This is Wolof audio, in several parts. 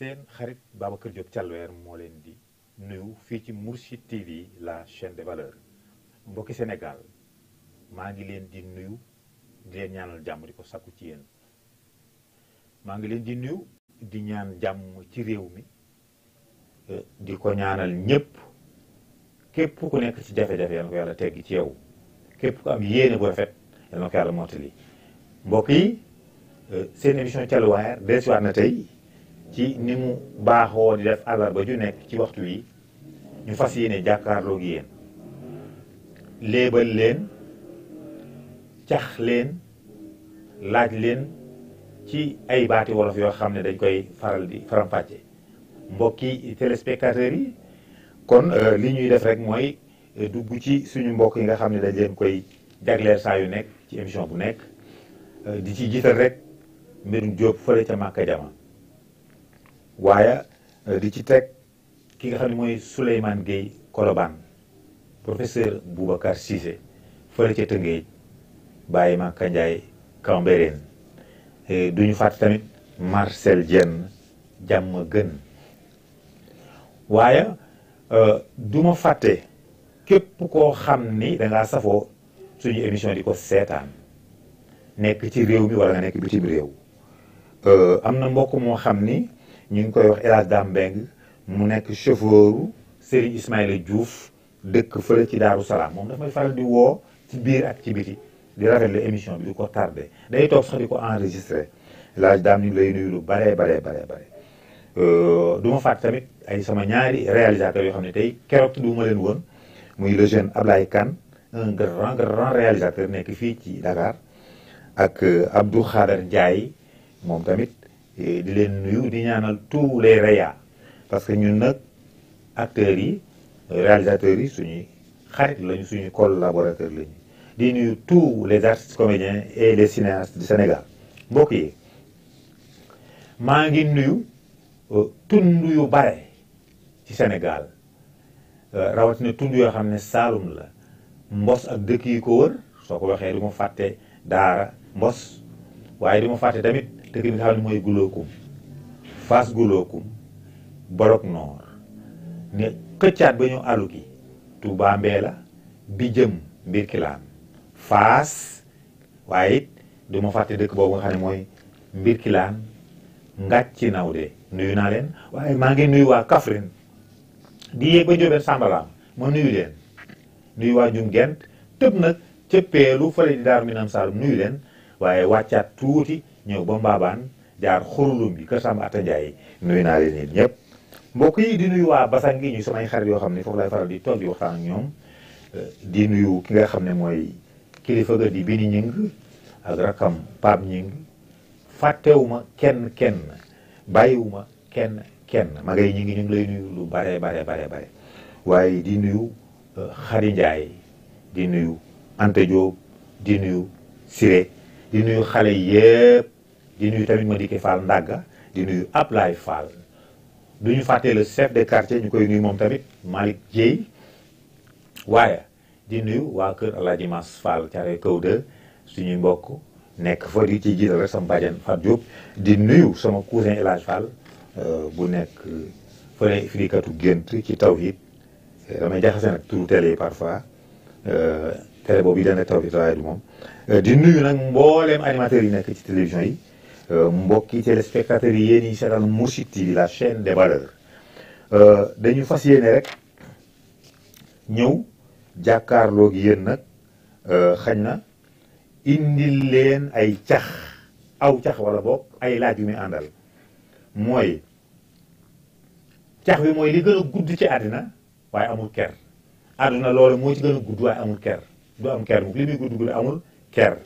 seen xarit Babacar Diop Thialwer moo leen di nuyu fii ci Mourchid TV la chaîne de valeurs mbokki Sénégal maa ngi leen di nuyu di leen ñaanal jàmm di ko sakku ci yéen maa ngi leen di nuyu di ñaan jàmm ci réew mi e, di ko ñaanal ñépp képp ku nekk ci jafe-jafe yal na ko yàlla teggi ci yow képp ku am yéene bu rafet yal na ko yàlla mottali mbokk yi e, seen émission Thialwer dellusiwaat na tey. ci ni mu baaxoo di def àllarba ju nekk ci waxtu wi ñu fas yéene jàkkaarloog yéen léebal leen cax leen laaj leen ci ay baati wolof yoo xam ne dañ koy faral di faram-fàcce mbokki téléspectateurs yi kon euh, li ñuy def rek mooy euh, dugg ci suñu mbokk yi nga xam ne dañ leen koy jagleel saa yu nekk ci émission bu nekk euh, di ci jiital rek mbirum Jóob fële ca Màkka Jama waaye euh, di ci teg ki nga xam ne mooy Souleymane Gueye Colobane professeur Boubacar Cissé fële ca Tëngéej Baye Maka Ndiaye Cambérène du ñu fàtte tamit Marcel Diène jàmm gën waaye euh, du ma fàtte képp koo xam ni da safoo suñu émission di ko seetaan nekk ci réew mi wala nga nekk bitim réew euh, am na mbokk moo xam ni ñu ngi koy wax El Hadj mu nekk chauffeuru Serigne Ismaïla Diouf dëkk fële ci Daaru Salaam moom daf may faral di woo ci biir ak ci biti di rafetlu émission bi du ko tardé day toog sax di ko enregistré El Hadj Dame ñu ngi lay nuyu lu baree baree baree bare euh, duma ma tamit ay sama ñaari réalisateurs yoo xam ne tey keroog du ma leen woon muy le jeune Ablaye Kane un grand grand réalisateur nekk fii ci Dakar ak euh, Abdou Khader Ndiaye moom tamit di leen nuyu di ñaanal tous les réa parce que ñun nag acteurs yi réalisateurs yi suñuy xarit lañu suñuy collaborateurs lañu di nuyu tous les artistes comédiens et les du Sénégal mbokk yi maa ngi nuyu euh, tund yu bare ci Sénégal euh, rawatina tund yoo xam ne Saalum la Mbos ak dëkk ko wër soo ko waxee du mu fàtte Daara Mbos waaye du ma fàtte tamit. dëkk bi nga xam mooy Gouloukoum Fass Gouloukoum Borok Noor ne xëccaat ba ñëw àllu ki Touba Mbéla bi jëm mbir kilaan Fass waaye it du ma fàtte dëkk boobu nga xam ne mooy mbir kilaan ngàcc ci naw de nuyu naa leen waaye maa ngi nuyu waa kafrin di yéeg ba Ndiobène Sambalaam ma nuyu leen nuyu waa Ndioum Gent tëb nag ca peelu fële di daar mi nam saalum nuyu leen waaye wàccaat tuuti ñëw ba mbaabaan jaar xurulum bi kër Samba Atta Ndiaye nuyu naa leen ñëpp mbokk yi di nuyu waa Basang gi ñu samay xarit yoo xam ne foofu lay faral di toog di waxtaan ñoom eh, di nuyu ki nga xam ne mooy kilifa ga di Bini Ñing ak rakam Pape Ñing fàttewuma kenn kenn bàyyiwuma kenn kenn magay ñi ngi ñu ngi lay nuyu lu bare bare bare bare waaye di nuyu Xadi eh, Njaay di nuyu Anta Diop di nuyu Siré di nuyu xale yépp di nuyu tamit Madické Fall Ndaga di nuyu Ablaye Fall du ñu fàttee le chef de quartier ñu koy nuyu moom tamit Malick Dieye waaye di nuyu waa kër Aladji Mas Fall Thiaroye Kaw 2 suñuy mbokk nekk fa di ci jiital rek sama bàjjen Fatou Diop di nuyu sama cousin El Hadj Fall euh, bu nekk fële firikatu gént ci taw yi damay jaxase nag turu télé yi parfois euh, télé boobu yi dana Tawfekh Rawaay du moom di nuyu nag mbooleem animateurs yi nekk ci télévision yi mbokki téléspectateurs yi yéen yi seetaan mu TV la chaîne de valeurs dañu fas yéene rek ñëw jàkkaarloo gi yéen nag xañ na indil leen ay cax aw cax wala boog ay laaj yu muy àndal mooy cax bi mooy li gën a gudd ci àddina waaye amul ker àdduna loolu mooy ci gën a gudd waaye amul ker du am ker li muy dugg gudd amul ker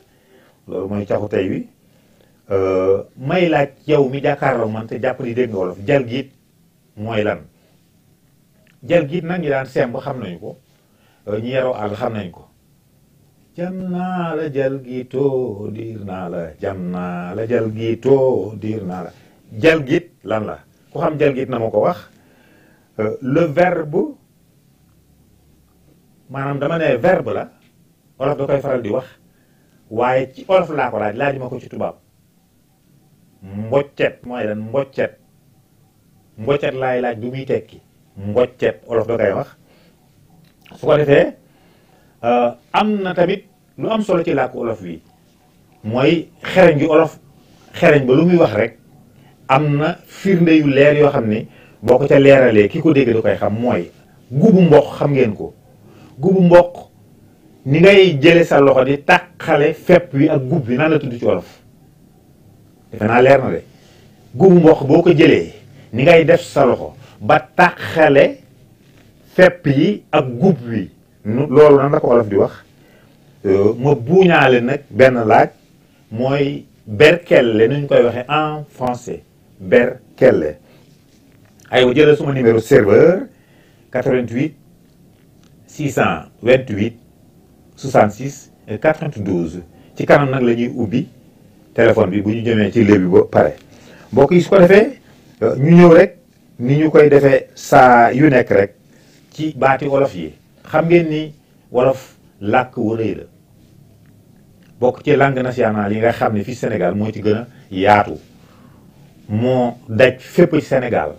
loolu mooy caxu tey wi euh, may laaj yow mi jàkkaarloo man te jàpp di dégg nga wolof jal mooy lan jal giit nag ñi daan semb xam nañu ko euh, ñi yaroo àll xam nañu ko jam naa la jal giitoo diir naa la jam naa la jal diir naa la jal lan la ku xam jal giit na ma ko wax euh, le verbe maanaam dama ne verbe la olof da koy faral di wax waaye ci olof laa ko laaj laaj ma ko ci tubaab mboccet mooy lan mboccet mboccet laay laaj bu muy tekki mboccet olof da koy wax su ko defee euh, am na tamit lu am solo ci làkku olof wi mooy xereñ gi olof xereñ ba lu muy wax rek am na firnde yu leer yoo xam ne boo ko ca leeralee ki ko dégg da koy xam mooy gubu mboq xam ngeen ko gubu mboq ni ngay jële sa loxo di tàqale fepp wi ak gub bi nan la tudd ci wolof defe naa leer na de gubu mboq boo ko jëlee ni ngay def sa loxo ba tàqale fepp yi ak gub wi loolu nan la ko olof di wax ma buuñaale nag benn laaj mooy berkelle nu ñu koy waxee en français berkelle aywa jëlal suma numéro serveur 88 628 66 92 euh, ci kanam nag la ñuy ubbi téléphone bi bu ñu jëmee ci léeb bi ba pare mbokk yi su ko defee euh, ñu ñëw rek ni ñu koy defee saa yu nekk rek ci baati wolof yi xam ngeen ni wolof làkk wu rëy la bokk ci na nationale yi nga xam ne fii Sénégal moo ci gën a yaatu moo daj fépp ci Sénégal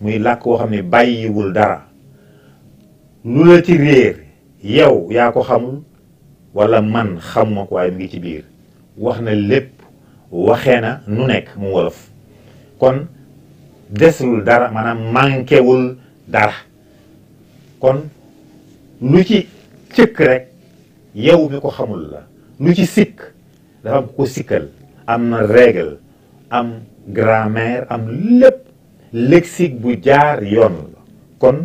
muy làkk woo xam ne bàyyiwul dara lu la ci réer yow yaa ko xamul wala man xam ko waaye mi ngi ci biir wax na lépp waxee na nu nekk mu wolof kon desul dara manaam manquéwul dara kon lu ci cëkk rek yow mi ko xamul la lu ci sikk dafa am ko sikkal am na règle am gramer am lépp lexique bu jaar yoon la kon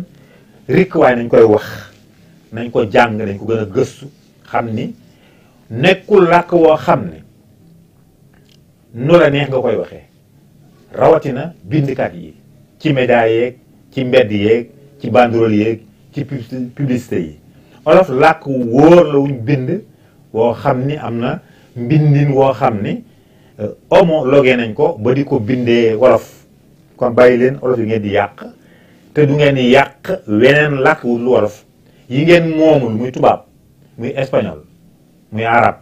rikk waaye nañ koy wax nañ ko jàng nañ ko gën a gëstu xam ni nekkul làkk woo xam ne nu la neex nga koy waxee rawatina bindkat yi ci média yeeg ci mbedd yeeg ci banderole yéeg ci publicité yi olof làkk wóor la wuñ bind woo xam ni am na mbindin woo xam ni euh, homologué nañ ko ba di ko bindee wolof kon bàyyi leen olof yi ngeen di yàq te du ngeen di yàq weneen làkk lu wolof yi ngeen moomul muy tubaab muy espagnol muy arabe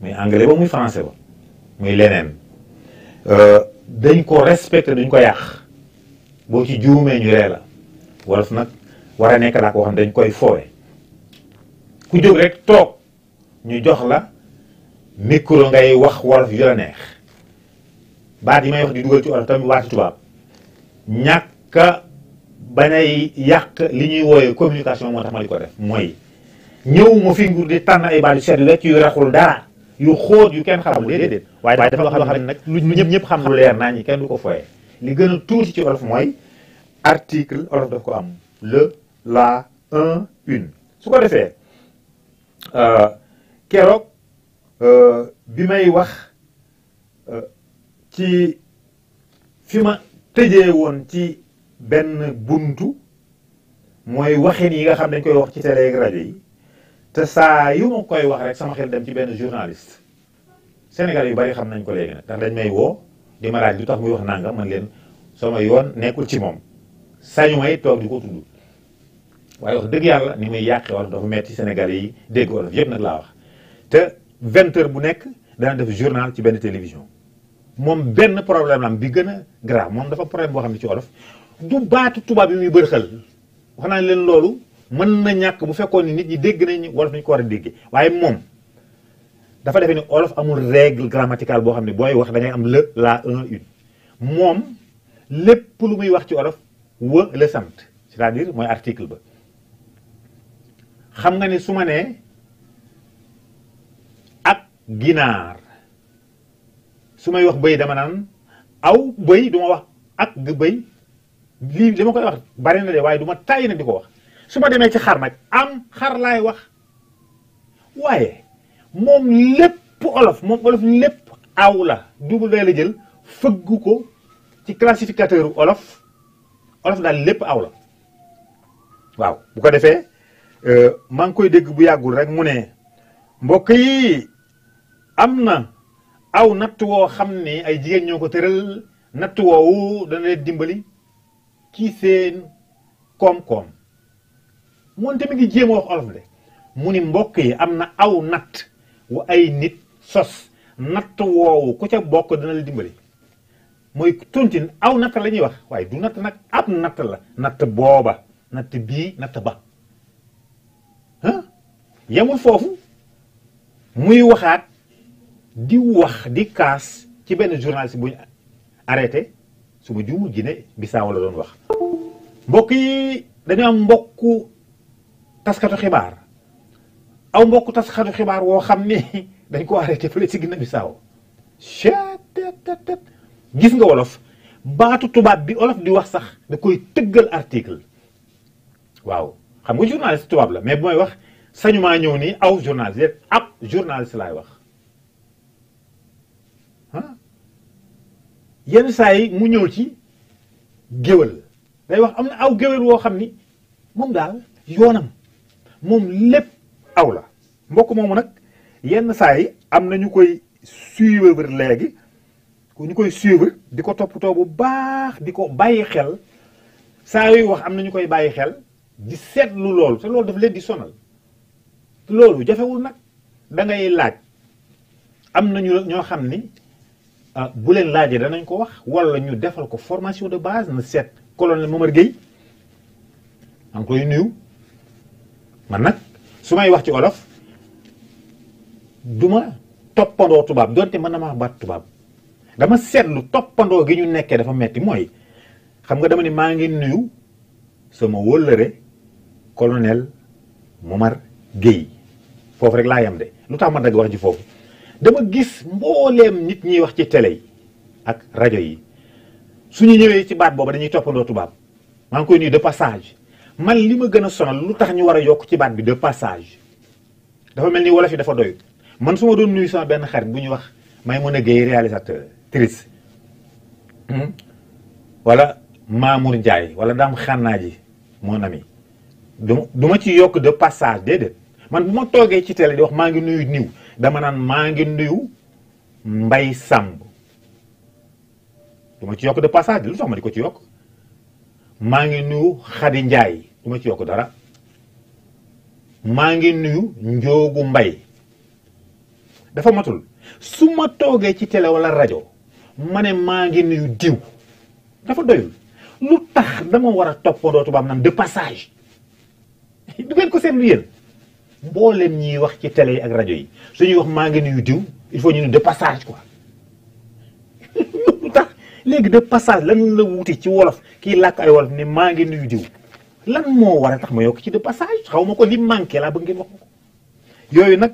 muy anglais ba muy français ba muy leneen euh, dañ ko respecté duñ ko yàq boo ci juumee ñu ree la wolof nag war a nekk laa ko xam dañ koy foowe ku jóg rek toog ñu jox la micro ngay wax wolof yu neex baat yi may wax di dugal ci wolof tamit waati tubaab ñàkk bañay yàq li ñuy wooyee communication moo tax ma di ko def mooy ñëwuma fi nguur di tànn ay baat yu seet wecc yu raxul dara yu xóot yu kenn xamul déedéet waaye dafa loo xam ne nag lu ñëpp ñëpp xam lu leer naa ñi kenn du ko fooye li gën a tuuti ci olof mooy article olof daf ko am le la un une su ko defee euh, keroog euh, bi may wax euh, ci fi ma tëjee woon ci benn buntu mooy waxin yi nga xam dañ koy wax ci télé rajo yi te saa yu ma koy wax rek sama xel dem ci benn journaliste Sénégal yu bari xam nañ ko léegi nag ndax dañ may woo di ma lu tax muy wax naa nangam man leen sama yoon nekkul ci moom sañu may toog di ko tudd waaye wax dëgg yàlla ni muy yàqee wolof dafa metti Sénégal yi dégg wolof yëpp nag laa wax te vingt heures bu nekk dana def journal ci benn télévision moom benn problème la am bi gën a grave moom dafa problème boo xam ne ci wolof du baatu tubaab bi muy bërxal wax naa loolu mën na ñàkk bu fekkoon ni nit ñi dégg nañ wolof nañ ko war a déggee waaye moom dafa defee ni olof amul règle grammaticale boo xam ne booy wax dangay am le la un une moom lépp lu muy wax ci olof wa la sant c'est-à-dire mooy article ba xam nga ni su ma nee ak ginaar su may wax bëy dama naan aw bëy du ma wax ak bëy lii li ma koy wax bari na de waaye du ma tàyyi na di ko wax su ma demee ci xar nag am xar laay wax waaye moom lépp olof moom olof lépp aw la double V la jël fëggu ko ci classificateur olof olof daal lépp aw la waaw bu ko defee euh, maa ngi koy dégg bu yàggul rek mu ne mbokk yi am na aw natt woo xam ne ay jigéen ñoo ko tëral natt woowu dana leen dimbali kii seen koom-koom moom tamit ngi jéem a wax olof de mu ni mbokk yi am na aw natt wu ay nit sos natt woowu ku ca bokk dana la dimbali mooy tontine aw natt la wax waaye du natt nag ab natt la natt booba natt bii natt ba yamul foofu muy waxaat di wax di kaas ci benn journaliste bu ñu arrêté su ma juumul Guinée Bissau la doon wax mbokk yi dañu am mbokku taskatu xibaar aw mbokku taskatu xibaar woo xam ne dañ ko arrêté fële si Guinée Bissau gis nga wolof baatu tubaab bi wolof di wax sax da koy tëggal article waaw xam nga journaliste tubaab la mais mooy wax sañu maa ñëw nii aw journaliste ab journaliste laay wax yenn saa yi mu ñëw ci géwél day wax am na aw géwél woo xam ni moom daal yoonam moom lépp aw la mbokk moomu nag yenn saa yi am na ñu koy suivre léegi ñu koy suivre di ko toppatoo bu baax di ko bàyyi xel saa yuy wax am na ñu koy bàyyi xel di seetlu loolu te loolu daf leen di sonal loolu jafewul nag dangay laaj am na ñu ñoo xam ni ah, bu leen laajee danañ ko wax wala ñu defal ko formation de base na seet colonel Momar Gueye maa ngi koy nuyu. man nag su may wax ci olof du ma toppandoo tubaab donte mën na maa baat tubaab dama seetlu toppandoo gi ñu nekkee dafa metti mooy xam nga dama ne maa ngi nuyu sama wóllëre colonel Momar Guèye foofu rek laa yam de lu tax ma dagg wax ji foofu dama gis mbooleem nit ñiy wax ci tele yi ak rajo yi su ñu ñëwee ci baat booba dañuy toppandoo tubaab maa ngi koy nuyu de passage man li ma gën a sonal lu tax ñu war a yokk ci baat bi de passage dafa mel ni wolof yi dafa doy man suma doon nuyu sama benn xarit bu ñuy wax a Gueye réalisateur actrice hmm? wala Mamour Ndiaye wala Dame Xannaaji mon ami du du ma ci yokk de passage déedéet man bu ma toogee ci télé di wax maa ngi nuyu niw dama naan maa ngi nuyu Mbay Sàmb du ci yokk de passage lu tax ma di ko ci yokk. maa ngi nuyu Xadi Njaay du ma ci yokk dara maa ngi nuyu Njoogu Mbay dafa matul su ma toogee ci télé wala rajo ma ne maa ngi nuyu diw dafa doyul lu tax dama war a toppandoo tubaab naan de passage du ngeen ko seetlu yéen mboolem ñiy wax ci tele yi ak rajo yi su ñuy wax maa ngi nuyu diw il faut ñu nuyu de passage quoi. léegi de passage lan la wuti ci wolof kii làkk ay wolof ne maa ngi nuyu diw lan moo war a tax ma yokk ci de passage xaw ma ko li manqué laa bëgg ngeen wax ko yooyu nag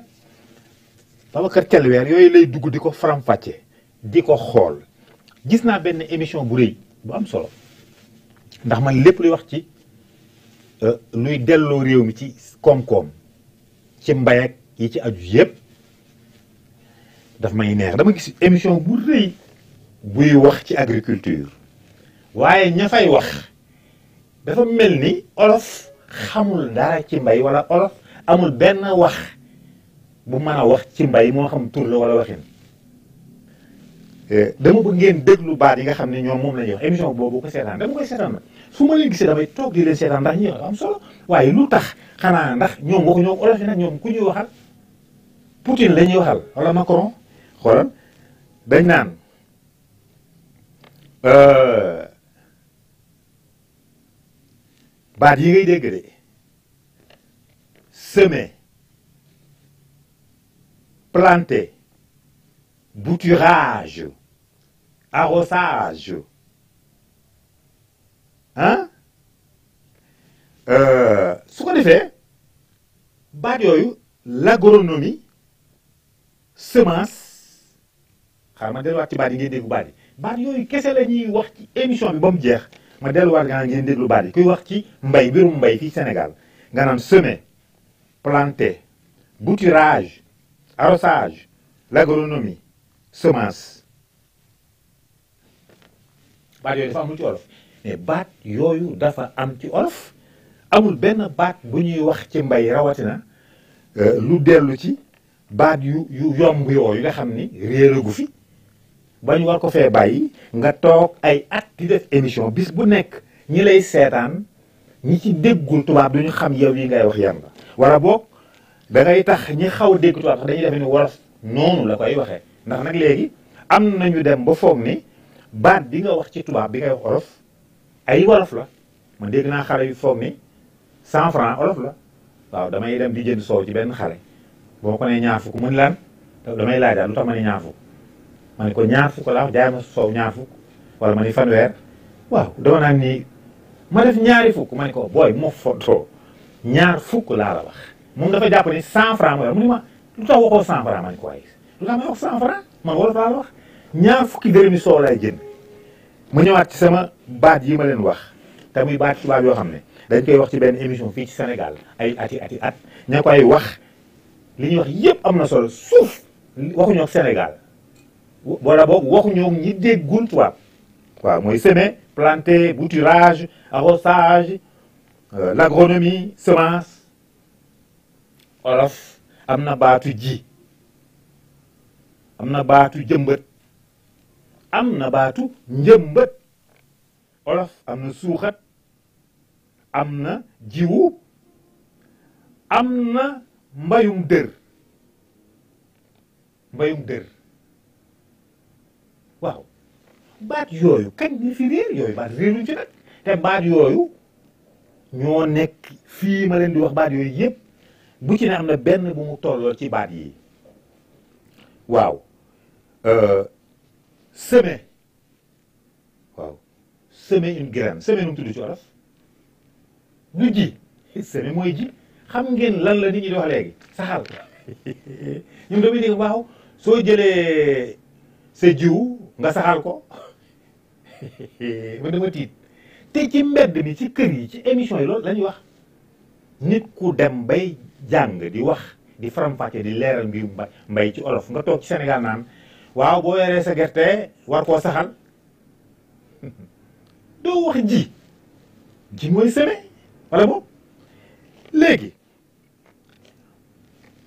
Babacar Thialwer yooyu lay dugg di ko faram-fàccee di ko xool gis naa benn émission bu rëy bu am solo ndax man lépp luy wax ci euh, luy delloo réew mi ci koom-koom ci mbay ak yi ci aju yépp daf may neex dama gis émission bu rëy. buy wax ci agriculture waaye ña fay wax dafa mel ni olof xamul dara ci mbay wala olof amul benn wax bu mën a wax ci mbay moo xam tur la wala waxin eh, dama bëgg ngeen lu baat yi nga xam ne ñoom moom la wax émission boobu ko seetaan dama koy seetaan nag su ma leen gisee damay toog di leen seetaan ndax ñi am solo waaye lu tax xanaa ndax ñoom waxu ñoom olof yi nag ñoom ku ñuy waxal Poutine la ñuy waxal wala Macron xoolal dañ naan Euh. baat yi ngay dégg de semer planter bouturage arrosage ah su ko defee baat yooyu l'agronomie semence xaaral ma delluwaat ci baat yi ngay dégg baat yi baat yooyu kese la ñuy wax ci émission bi ba mu jeex ma delluwaat nga naan ngeen déglu baat yi kuy wax ci mbay mbirum mbay fii Sénégal nga naan semer planter bouturage arrosage l'agronomie semence baat yooyu dafa amul ci olof mais baat yooyu dafa am ci olof amul benn baat bu ñuy wax ci mbay rawatina euh, lu dellu ci baat yu yu yomb yooyu nga xam ni réeragu fi ñu war ko fee bàyyi nga toog ay at di def émission bis bu nekk ñi lay seetaan ñi ci déggul tubaab ñu xam yow yi ngay wax yan la wala boog da ngay tax ñi xaw a dégg tubaab sax dañuy la koy waxee ndax nag léegi am nañu dem ba foog ni baat bi nga wax ci tubaab wolof ay wolof la man dégg naa yu foog ni cent franc la waaw damay dem di jënd soow ci benn xale boo ko nee ñaar fukk mën laan damay laaj daal lu tax ma ne ma ko ñaar fukk laa wax jaay soow ñaar fukk wala ma ni fanweer waaw dama naan ma def ñaari fukk ma ne ko booy moo foto ñaar fukk laa la wax moom dafa jàpp ni cent franc ma yor mu ni ma lu tax waxoo cent franc ko waaye ma ñaar fukki dërëmi soow laay jënd mu ñëwaat ci sama baat yi ma leen wax te muy baat tubaab yoo xam ne dañ koy wax ci benn émission fii ci Sénégal ay ati at ña koy wax li ñuy wax yépp am na solo suuf waxuñu ak Sénégal wala boog waxuñoo ñi déggul tubaab waaw mooy seme planter bouturage arrosage euh, l'agronomie semence olof am na baatu ji am na baatu jëmbët am na baatu njëmbët olof am na suuxat am na jiwu am na mbayum dër mbayum dër waaw baat yooyu kañ bi fi réer yooyu baat réeruñ ci nag te baat yooyu ñoo nekk fii ma leen di wax baat yooyu yëpp bu ci ne am na benn bu mu tolloo ci baat yi waaw euh, semer waaw semer une graine semer nu mu tudd ci du ji semer mooy ji xam ngeen lan la nit ñi di wax léegi saxal ñun dañuy dégg waaw soo jëlee sa jiwu nga saxal ko man dama tiit te ci mbedd bi ci kër yi ci émission yi loolu lañuy wax nit ku dem bay jàng di wax di faram di leeral mbir mbay ci olof nga toog ci Sénégal naan waaw boo weeree sa gerte war koo saxal doo wax ji ji mooy seme wala boobu léegi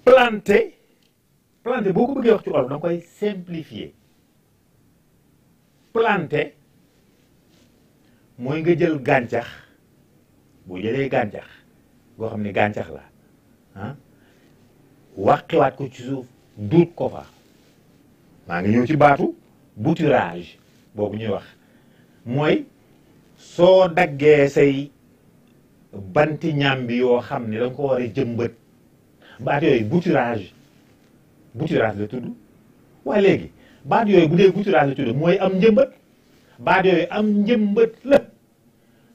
planter planter boo ko bëggee wax ci olof da nga koy simplifier. planter mooy nga jël gàncax bu jëlee gàncax goo xam ne gàncax la ah wàqiwaat ko ci suuf duut ko fa maa ngi ñëw ci baatu bouturage boobu ñuy wax mooy soo daggee say banti ñambi yoo xam ne da nga ko war jëmbët baat yooyu bouturage bouturage la tudd waa léegi baat yooyu bu dee gutturaan la tudd mooy am njëmbat baat yooyu am njëmbët la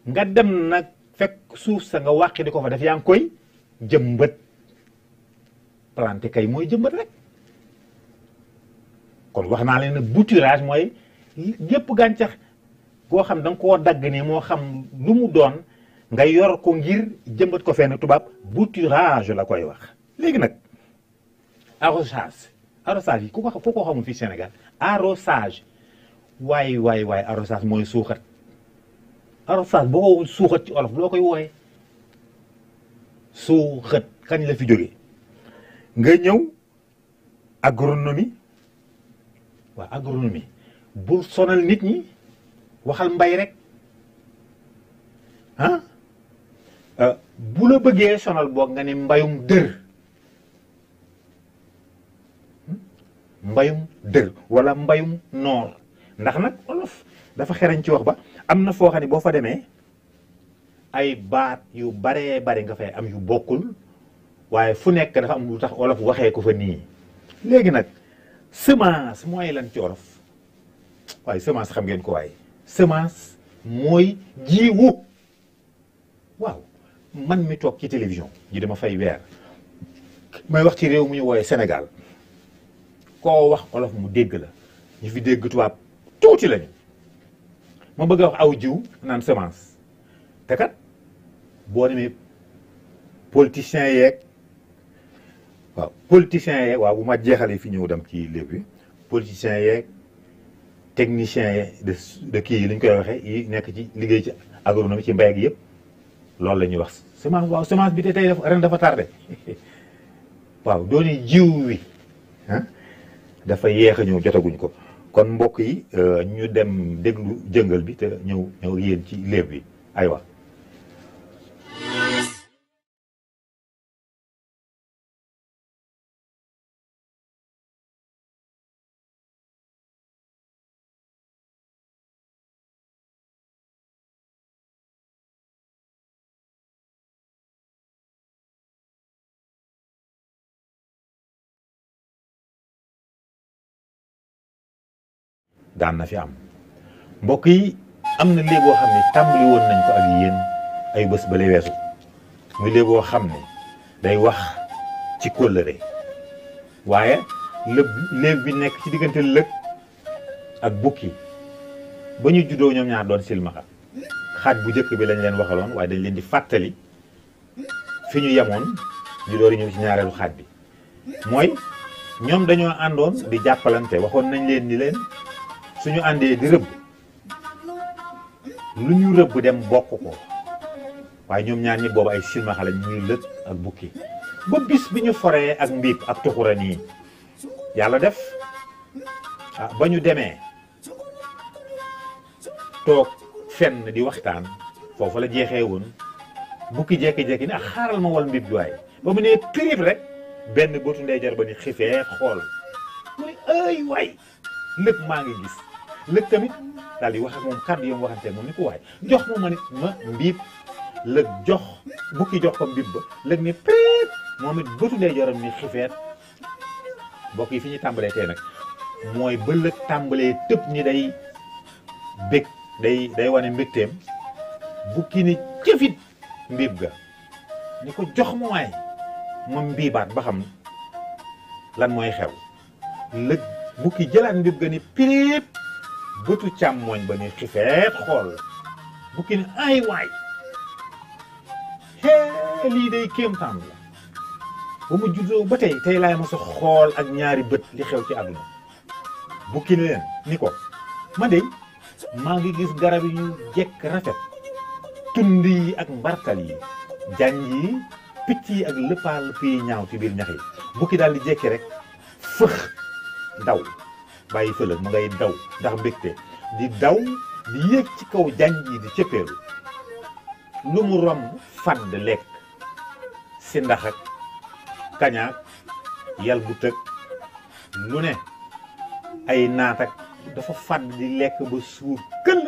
nga dem nag fekk suuf sa nga wàqi di ko fa def yaa ngi koy jëmbat plante kay mooy jëmbat rek kon wax naa leen ne bouturage mooy yépp gàncax koo xam da nga koo dagg ne moo xam lu mu doon nga yor ko ngir jëmbat ko fenn tubaab bouturage la koy wax léegi nag arrosage arrosage yi ko ko foo ko xamul fii senegal arrosage waaye waay waaye arrosage mooy suuxat arrosage boo ko suuxat ci olof loo koy wooyee suuxat kañ la fi jógee nga ñëw agronomie waaw agronomie bul sonal nit ñi waxal mbay rek ah euh, bu la bëggee sonal boog nga ne mbayum dër mbayum dël wala mbayum noor ndax nag olof dafa xereñ ci wax ba am na foo xam ne boo fa demee ay baat yu baree bari nga fay am yu bokkul waaye fu nekk dafa am lu tax olof waxee ko fa nii léegi nag semence mooy lan ci olof waaye semence xam ngeen ko waaye semence mooy jiwu waaw man mi toog ci télévision ji dama fay weer may wax ci réew mu ñu woowee Sénégal koo wax olof mu dégg la ñu fi dégg tubaab tuuti lañu moo bëgg a wax aw jiw naan semence te kat boo demee politicien yeeg waaw politicien yeeg waaw bu ma jeexalee fi ñëw dem ci léegi politicien yeeg technicien yeeg de de kii yi lañ koy waxee yi nekk ci liggéey ci agronomie ci mbay ak yëpp loolu la ñuy wax semence waaw semence bi te tey ren dafa tardé waaw dooni jiw wi dafa yéex a ñëw jotaguñ ko kon mbokk yi euh, ñu dem déglu jëngal bi te ñëw ñëw yéen ci léeb bi aywa. daan na fi am mbokk yi am na léegoo xam ne tàmbali woon nañ ko ak yéen ay bës ba lay weesu muy léegoo xam ne day wax ci kóllëre waaye lëb léeg bi nekk ci diggante lëg ak bukki ba ñu juddoo ñoom ñaar doon silmaxa xaj bu jëkk bi lañ leen waxaloon waaye dañ leen di fàttali fi ñu yemoon ñu door ci ñaareelu xaaj bi mooy ñoom dañoo àndoon di jàppalante waxoon nañ leen ni leen suñu àndee di rëbb lu ñu rëbb dem bokk ko waaye ñoom ñaar ñi boobu ay silmaxa lañ ñuy lët ak bukki ba bis bi ñu foree ak mbiib ak tuxura nii yàlla def ah, ba ñu demee toog fenn di waxtaan foofu la jeexee woon bukki jekki-jekki ni ak ah, xaaral ma wal mbiib juwaay ba mu nee pirip rek benn bëtu ndeyjar ba ni xifee xool muy ay waay lépp maa ngi gis lëg tamit daal di wax ak moom kàddu yom waxante moom ni ko waay jox ma ma nit ma mbiib lëg jox bukki jox ko mbiib ba lëg ni priit moom it bëtu dee ni xifeet mbokk yi fi ñu tàmbalee tey nag mooy ba lëg tàmbalee tëb ni day bég day day wane mbégteem bukki ni cëfit mbiib ga ni ko jox ma waay ma mbiibaat ba xam lan mooy xew lëg bukki jëlaat mbiib ga ni priit bëtu càmmooñ ba ne xifeet xool bu ay waay xee lii day kéemtaan la ba mu juddoo ba tey tey laay mos xool ak ñaari bët li xew ci àdduna bukki ne leen ni ko ma de maa ngi gis garab yi ñu jekk rafet tund yi ak mbartal yi janj yi picc yi ak lëppaal pii ñaaw ci biir ñax yi bukki daal di jekki rek fëx daw bàyyi fële ma ngay daw ndax mbégte di daw di yéeg ci kaw janj yi di cëppeeru lu mu romb fàdd lekk si ndax ak kañaak yal bu tëg lu ne ay naat ak dafa fàdd di lekk ba suur këll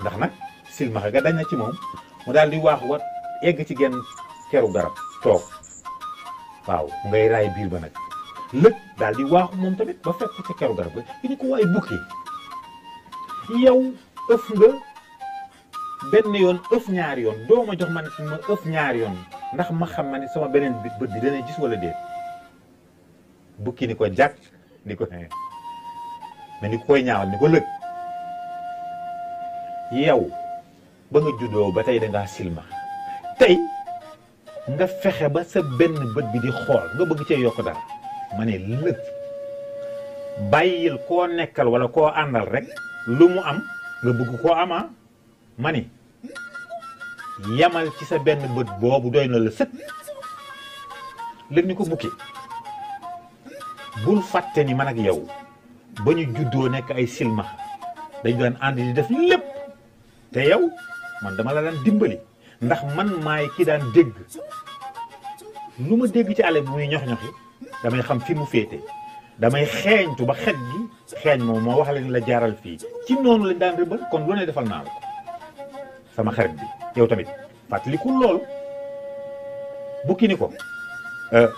ndax nag silmaxa ga dañ na ci moom mu daal di waaxu wat egg ci genn keru garab toog waaw ngay raay biir ba nag lëg daal di waaxu moom tamit ba fekk ca keru garab ga yi ni ko ay bukki yow ëf nga benn yoon ëf ñaar yoon doo ma jox ma ñaari yoon ndax ma xam ma ne sama beneen bët bi dana gis wala déet bukki ni ko jàkk ni ko mais ni koy ñaawal ni ko lëg yow ba nga juddoo ba tey dangaa silma tey nga fexe ba sa benn bët bi di xool nga bëgg cee yokk dara mane ne lëpp bàyyil koo nekkal wala koo àndal rek lu mu am nga bëgg koo ama ah? ma yamal ci sa benn bët boobu doy na la sët lëg ni ko bukki bul fàtte ni man ak yow ba ñu juddoo nekk ay silma dañ doon ànd di def lépp te yow man dama la daan dimbali ndax man maay kii daan dégg lu ma dégg ci àll bi muy ñox-ñoxi damay xam fi mu féete damay xeeñtu ba xet gi xeeñ moom moo wax leen la jaaral fii ci noonu lañ daan rëbbal kon lu ne defal naa la ko sama xarit bi yow tamit fàttaliku loolu bukki ni ko euh,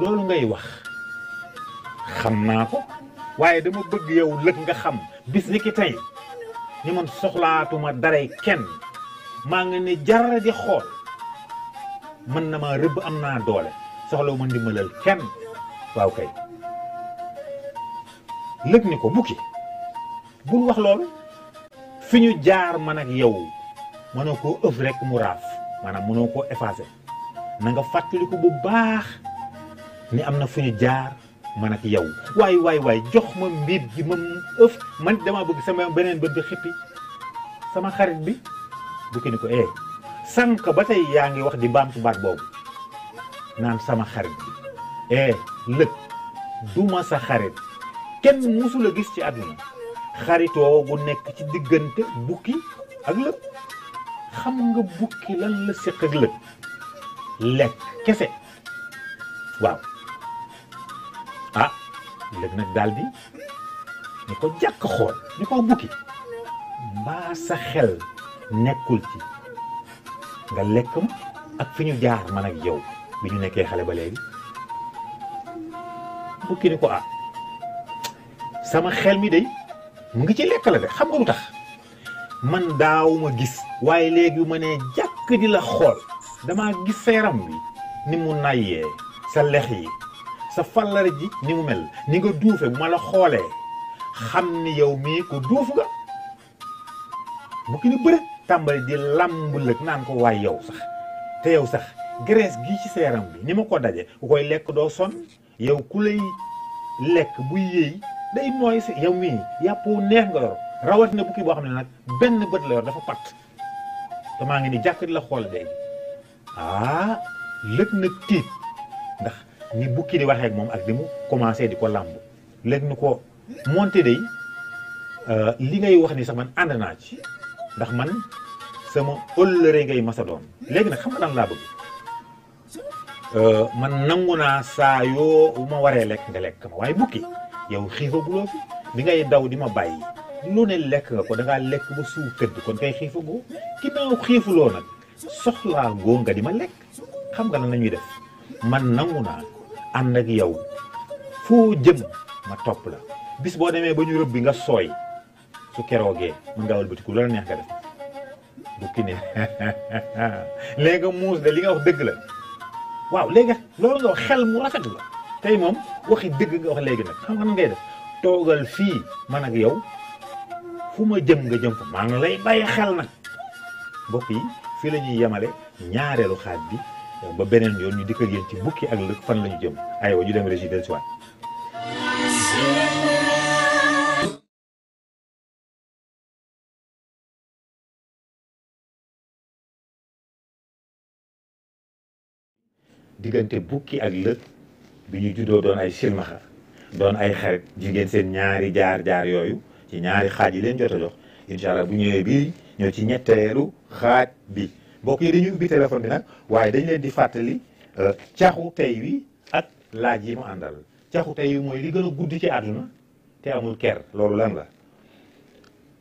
loolu ngay wax xam naa ko waaye dama bëgg yow lëg nga xam bis ni ki tey ni man soxlaatuma daray kenn maa nga ne jar di xool mën na maa rëbb am naa doole soxlawu ma ndimbalal kenn waaw kay lëg ni ko bukki bul wax loolu fi ñu jaar man ak yow mënoo koo ëf rek mu raaf maanaam mënoo koo effacé na nga fàttaliku bu baax ni am na fu ñu jaar man ak yow waay waay waay jox ma mbir gi ma ëf man dama bëgg sama beneen bët bi xippi sama xarit bi bukki ni ko eh sànq ba tey yaa ngi wax di su baat boobu naan sama xarit eh lëg duma sa xarit kenn musul a gis ci àdduna xaritoo gu nekk ci diggante bukki ak lëg xam nga bukki lan la séq ak lëg lekk kese waaw ah lëg nag daal ñu ko jàkk xool ñu ko bukki mbaa sa xel nekkul ci nga lekk ma ak fi ñu jaar man ak yow bi ñu nekkee xale ba léegi bu ni ko ah sama xel mi day mu ngi ci lekk la de xam nga lu tax man daaw ma gis waaye léegi ma ne jàkk di la xool damaa gis sa yaram bi ni mu nayyee sa lex yi sa fallare ji ni mu mel ni nga duufe bu ma la xoolee xam ni yow mii ko duuf nga bu ki ni bëri tàmbali di làmb lëg naan ko waay yow sax te yow sax graisse gi ci seeram bi ni ma ko daje ku koy lekk doo sonn yow ku lay lekk buy yéey day nooy si yow mii yàpp wu neex nga yor rawatina bukki boo xam ne nag benn bët la yor dafa pat te maa ngi ni jàkk di la xool léegi ah lëg na tiit ndax ni bukki di waxee ak moom ak di mu commencé di ko làmb léegi ni ko monté day euh, li ngay wax ni sax man ànd naa ci ndax man sama ëllëre ngay masa doon léegi nag xam nga lan laa bëgg Euh, man nangu naa saa yoo bu ma waree lekk nga lekk ma waaye bukki yow xiifaguloo fi bi ngay daw di ma bàyyi lu ne lekk nga ko da lekk ba suuf tëdd kon kay xiifagoo ginnaaw xiifuloo nag soxlaa goo nga di ma lekk xam nga na nañuy def man nangu naa ànd ak yow foo jëm ma topp la bis boo demee ba ñu rëbbi nga sooy su keroogee mën ngaa wëlbatiku la neex nga def bukki ne léegi muus de li nga wax dëgg la waaw léegi loolu nga wax xel mu rafet la tey moom waxi dëgg nga wax léegi nag xam nga nan ngay def toogal fii man ak yow fu ma jëm nga jëm fa maa ngi lay bàyyi xel nag mbokk yi fii la ñuy yemale ñaareelu xaaj bi ba beneen yoon ñu dikk ak yéen ci bukki ak lëkk fan la ñu jëm aywa ñu dem régi del si waat diggante bukki ak lëg bi ñu juddoo doon ay silmaxa doon ay xarit jigéen seen ñaari jaar-jaar yooyu ci ñaari xaaj yi leen jot a jox incha allah bu ñëwee bii ñëw ci ñetteelu xaaj bi mbokk yi dañuy ubbi téléphone bi nag waaye dañ leen di fàttali euh, caxu tey wi ak laaj yi mu àndal caxu tey wi mooy li gën a gudd ci àdduna te amul ker loolu lan la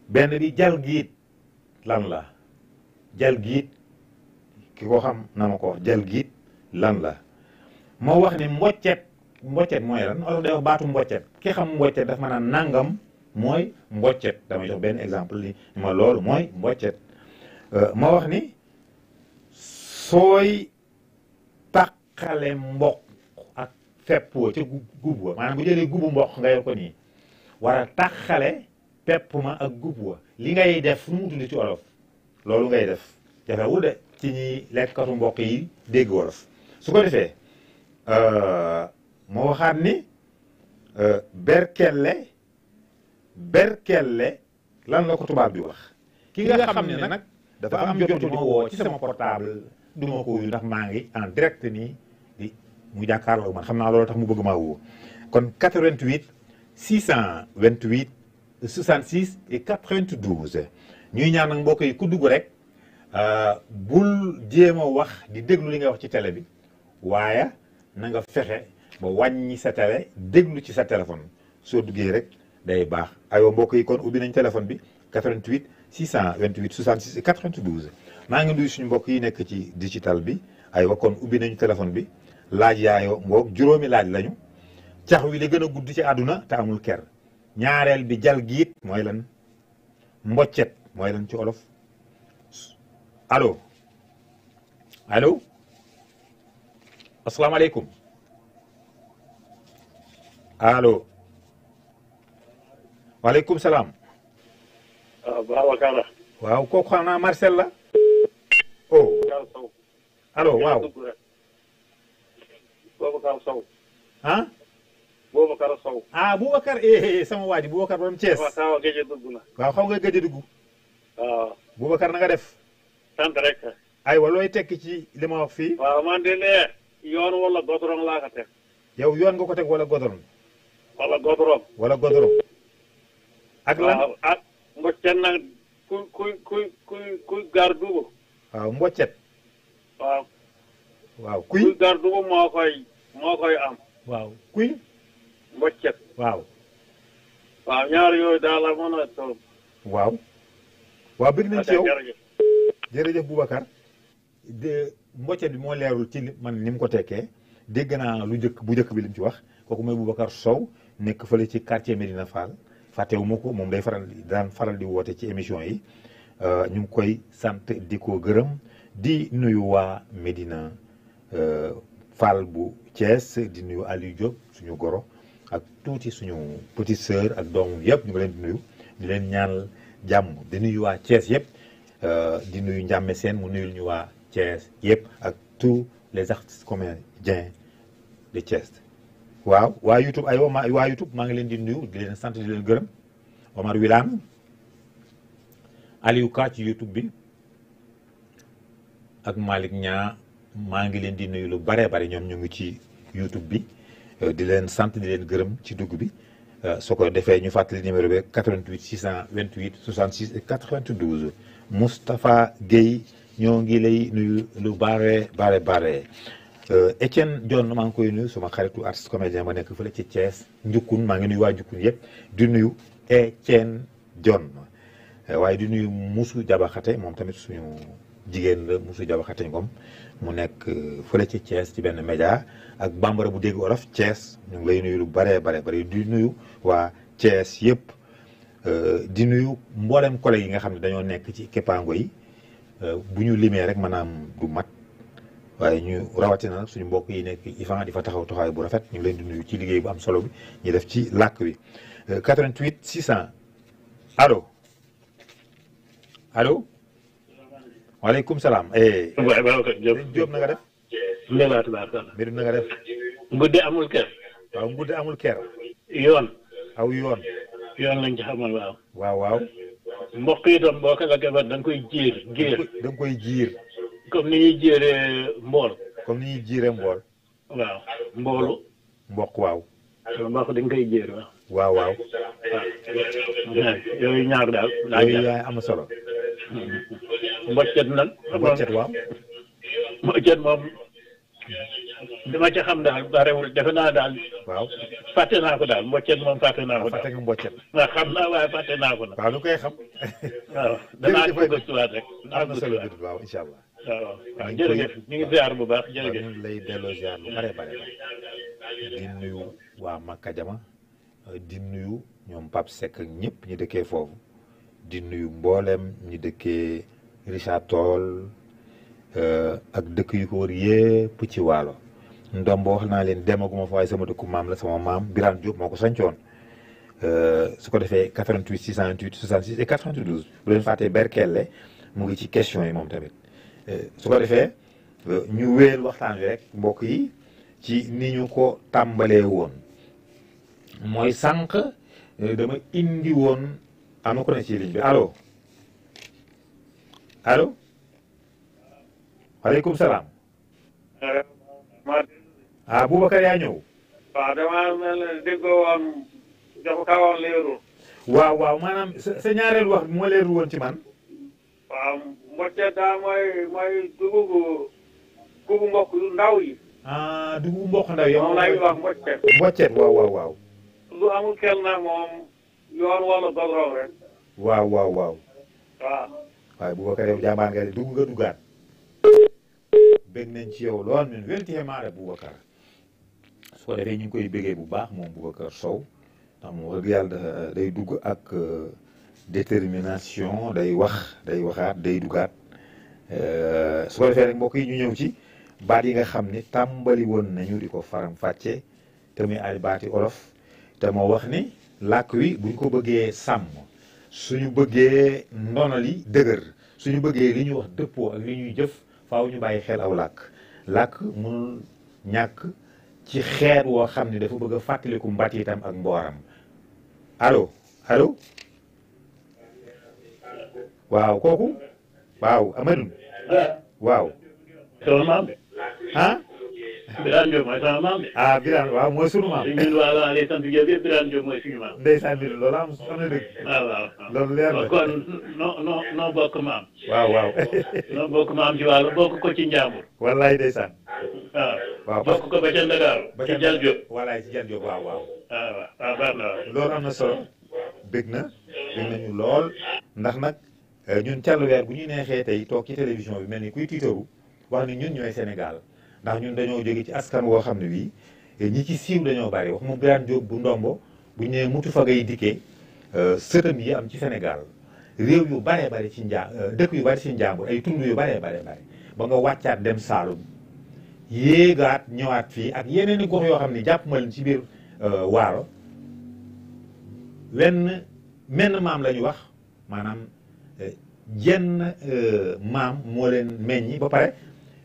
benn bi jal giit lan la jal giit ki ko xam na ma ko wax jal giit lan hmm. la ma wax ne mboccet mboccet mooy lan olof day baatu mboccet ki xam mboccet daf mën a nangam mooy mboccet damay jox benn exemple ni ma loolu mooy mboccet euh, ma wax ni sooy taqale mboq ak fepp wa ca gub wa maanaam bu jëlee gubu mboq nga yor ko nii war a taqale pepp ma ak gub wa li ngay def nu mu tudd ci olof loolu ngay def jafewul de ci ñi lekkatu mboq yi dégg wolof su ko defee euh, moo waxaat ni berkelle euh, berkelle lan la ko tubaab bi wax ki nga xam ne nag dafa am jotu ma woo ci sama portable du ma ko ndax maa ngi en direct nii di mu jàkkaarloo man xam naa loolu tax mu bëgg maa woo kon 88 628 66 et 92 ñuy ñaan nag mbokk yi ku dugg rek euh, bul jéem a wax di déglu li nga wax ci tele bi waaye na nga fexe ba wàññi sa télé déglu ci sa téléphone soo duggee rek day baax aywa mbokk yi kon ubbi nañ téléphone bi 88 628 66 92 maa ngi nuyu suñu mbokk yi nekk ci digital bi aywa kon ubbi nañu téléphone bi laaj yaayoo ngoog juróomi laaj lañu cax wi la gën a gudd ci àdduna te amul ker ñaareel bi jal giit mooy lan mboccet mooy lan ci olof allo allo asalaamaaleykum allo waaleykum salaam. Ah, waaw Babacar la. waaw kooku xanaa Marcel oh. waaw. Boubacar Sow. ah. Boubacar Sow. ah Boubacar eh, eh, eh waa ji nga gëj a dugg ah. na. nga def. sant rek. aywa looy tekki ma wax fii. yoon wala godorong laa ko teg. yow yoon nga ko teg wala godorong. wala godorong. wala godorong. ak lan ak mboccet nag kuy kuy kuy kuy gar duubu. waaw mboccet. waaw. waaw kuy kuy gar duubu moo koy moo koy am. waaw kuy. mboccet. waaw. waaw ñaar yooyu daal la mën a toog. waaw. waaw bëgg nañ ci mboccet bi moo leerul ci man ni mu ko tekkee dégg naa lu njëkk bu njëkk bi li mu ci wax kooku mooy Boubacar Sow nekk fële ci quartier Medina Fall fàttewu ma ko moom day faral daan faral di woote ci émission yi euh, ñu ngi koy sant di ko gërëm di nuyu waa Medina euh, Fall bu Thiès di nuyu Aliou Diop suñu goro ak tuuti suñu petite sœur ak doomam yëpp ñu ngi leen di nuyu di leen ñaanal jàmm di nuyu waa Thiès yëpp euh, di nuyu njàmme seen mu nuyul ñu waa Thiès yëpp ak tous les artistes comédiens de Thiès waaw waa YouTube ay waa waa YouTube maa ngi leen di nuyu di leen sant di leen gërëm Omar Wilane Aliou Ka ci YouTube bi ak maalik Niang maa ngi leen di nuyu lu baree bari ñoom ñu ngi ci YouTube bi euh, di leen sant di leen gërëm ci dugg bi euh, soo ko defee ñu fàttali numéro bi 88 628 66 92 Moustapha Guèye ñoo ngi lay nuyu lu bare bare bare Etienne euh, John maa ngi koy nuyu suma xaritu artiste comédien ma nekk fële ci cees njukkun maa ngi nuyu waa njukkun yëpp di nuyu Etienne John euh, waaye di nuyu musu jabaxate moom tamit suñu jigéen la Moussou Diabakhate Ngom mu nekk euh, fële ci Thiès ci benn média ak bambara bu dégg olof cees ñu ngi lay nuyu lu bare bare bare di nuyu waa Thiès yëpp di nuyu mboolem collègue yi nga xam ne dañoo nekk ci keppaango yi Euh, bu ñu limee rek manaam du mat waaye ñu rawatina nag suñu mbokk yi nekk Ivan di fa taxaw taxawaay bu rafet ñu ngi leen di nuyu ci liggéey bu am solo bi ñu def ci làkk wi 88 600 allo salaam. waaw eh. waaw kay Diop na nga amul ker. amul ker. yoon. aw yoon. yoon lañ ci waaw waaw. mboq itam boo ko lekkee ba da nga koy jiir jiir. da koy jiir. comme ni ñuy jiiree mbool. comme ni jiir jiiree mbool. waaw mboolu. mboq waaw. mboq dañ koy jiir waaw. waaw waaw. yooyu ñaar daal. yooyu yaay am solo. mboccet nag. mboccet waaw. mboccet moom. dama ca xam daal barewul defe naa daal. waaw fàtte naa ko daal mboccet moom fàtte naa ko daal fàtte nga mboccet. waaw xam naa waaye fàtte naa ko nag. waaw lu koy xam. waaw danaa ko gëstuwaat rek. am na solo bi waaw incha allah. waaw waaw jërëjëf ñu ngi ziar bu baax jërëjëf. ñu lay delloo ziar lu bare bare di nuyu waa Makka Jama di nuyu ñoom Pape Seck ak ñu dëkkee foofu di nuyu mboolem ñu dëkkee Richard Toll. Euh, ak dëkk yu ko wër yépp ci waalo ndombo wax naa leen demaguma fa waaye sama dëkku maam la sama maam Birane Diop moo ko sancoon euh, su ko defee 88 628 66 et 92 bu leen fàttee Berkele mu ngi ci question yi moom tamit euh, su ko defee ñu wéel waxtaan wi rek mbokk yi ci ni ñu ko tàmbalee woon mooy sànq dama indi woon am na ci ligne bi allo allo aleykum salaam. ah Boubacar yaa ñëw. waaw damaa mel ne déggoo woon dafa xawoon leerul. waaw waaw maanaam sa ñaareel wax moo leerul woon ci man. waaw mbocce daa mooy mooy dugubu gubu mbokk yu ndaw yi. ah dugubu mbokk ndaw yi. moom lay wax mbocce. mbocce waaw waaw waaw. lu amul kenn nag moom yoon wala doroom rek. waaw bég nañ ci yow lool min weltiemaare Boubacar su ko defee ñu ngi koy bégee bu baax moom Boubacar Sow ndax moom wax yàlla euh, day dugg ak euh, détermination day wax day waxaat day dugaat euh, su ko defee rek mbokk yi ñu ñëw ci baat yi nga xam ni tàmbali woon nañu di ko faram fàcce te muy ay baati olof te moo wax ni làkk wi buñ ko bëggee sàmm suñu bëggee ndonali dëgër suñu bëggee li ñuy wax dëppoo ak li ñuy jëf faaw ñu bàyyi xel aw làkk làkk mënul ñàkk ci xeet woo xam ne dafa bëgg a fàttaliku mbatiitam ak mbooram allo allo waaw kooku waaw Amadou waaw ah Birane Diop mooy sama maam de. ah Birane waaw mooy sunu maam. ñun waaw waaw les sant Diop yëpp Birane Diop mooy suñu maam. ndeysaan bi loolu am am na dëgg. waaw waaw loolu leer na kon noo noo noo bokk maam. waaw waaw. noo bokk maam ci wàllu bokk ko ci Njàmbur. wallaay ndeysaan. waaw. waaw bokk ko ba ca Ndakaaru. ba ca ah, Jal Diop. wallaay ci Jal ah, Diop waaw waaw. waaw waaw waaw baax na waaw. loolu am na solo. bëgg na bëgg nañu lool. ndax nag eh, ñun càll weer bu ñu neexee tey toog ci télévision bi mel ni kuy tiitaru wax ni ñun ñooy Sénégal ndax ñun dañoo jóge ci askan woo xam ne wii eh, ñi ci siiw dañoo bari wax mu Birane Diop bu ndombo bu ñëwee mutu fa ngay dikkee euh, sëtam yi am ci senegal réew yu baree bari ci njaa euh, dëkk yu bari ci njàmbur ay tund yu baree baree bari ba nga wàccaat dem Saalum yéegaat ñëwaat fii ak yeneen i gox yoo xam ne jàpp ma leen ci biir euh, waalo wenn menn maam la wax maanaam jenn maam moo leen meññi ba pare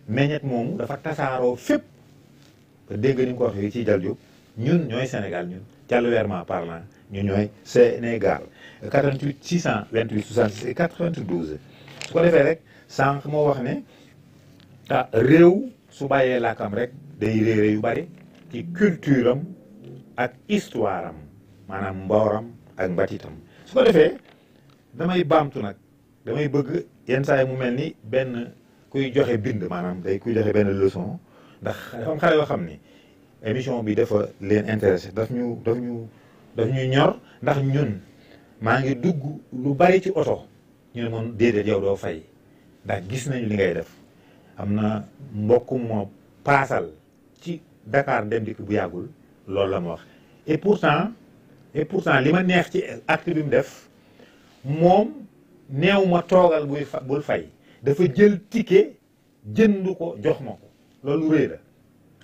meññet moomu dafa tasaaroo fépp dégg nga ni mu ko waxee ci Jalle Diop ñun ñooy Sénégal ñun Diallowerma parlant ñu ñooy Sénégal 88 628 66 et 92. su ko defee rek sànq moo wax ne ah réew su bàyyee làkkam rek day réere yu bari ci culture ak histoire am maanaam mbooram ak mbatitam su ko defee damay baamtu nag damay bëgg yenn saa mu mel ni benn. kuy joxe bind maanaam day kuy joxe benn leçon ndax dafa yoo xam ni émission bi dafa leen intéressé daf ñu daf ñu daf ñu ñor ndax ñun maa ngi dugg lu bari ci oto ñu ne moom déedéet yow doo fay ndax gis nañu li ngay def am na mbokk moo paasal ci Dakar dem dikk bu yàggul loolu la ma wax et pourtant et pourtant li ma neex ci acte bi mu def moom neew ma toogal buy bul fay dafa jël ticket hmm. jënd ko jox ma ko loolu rëy la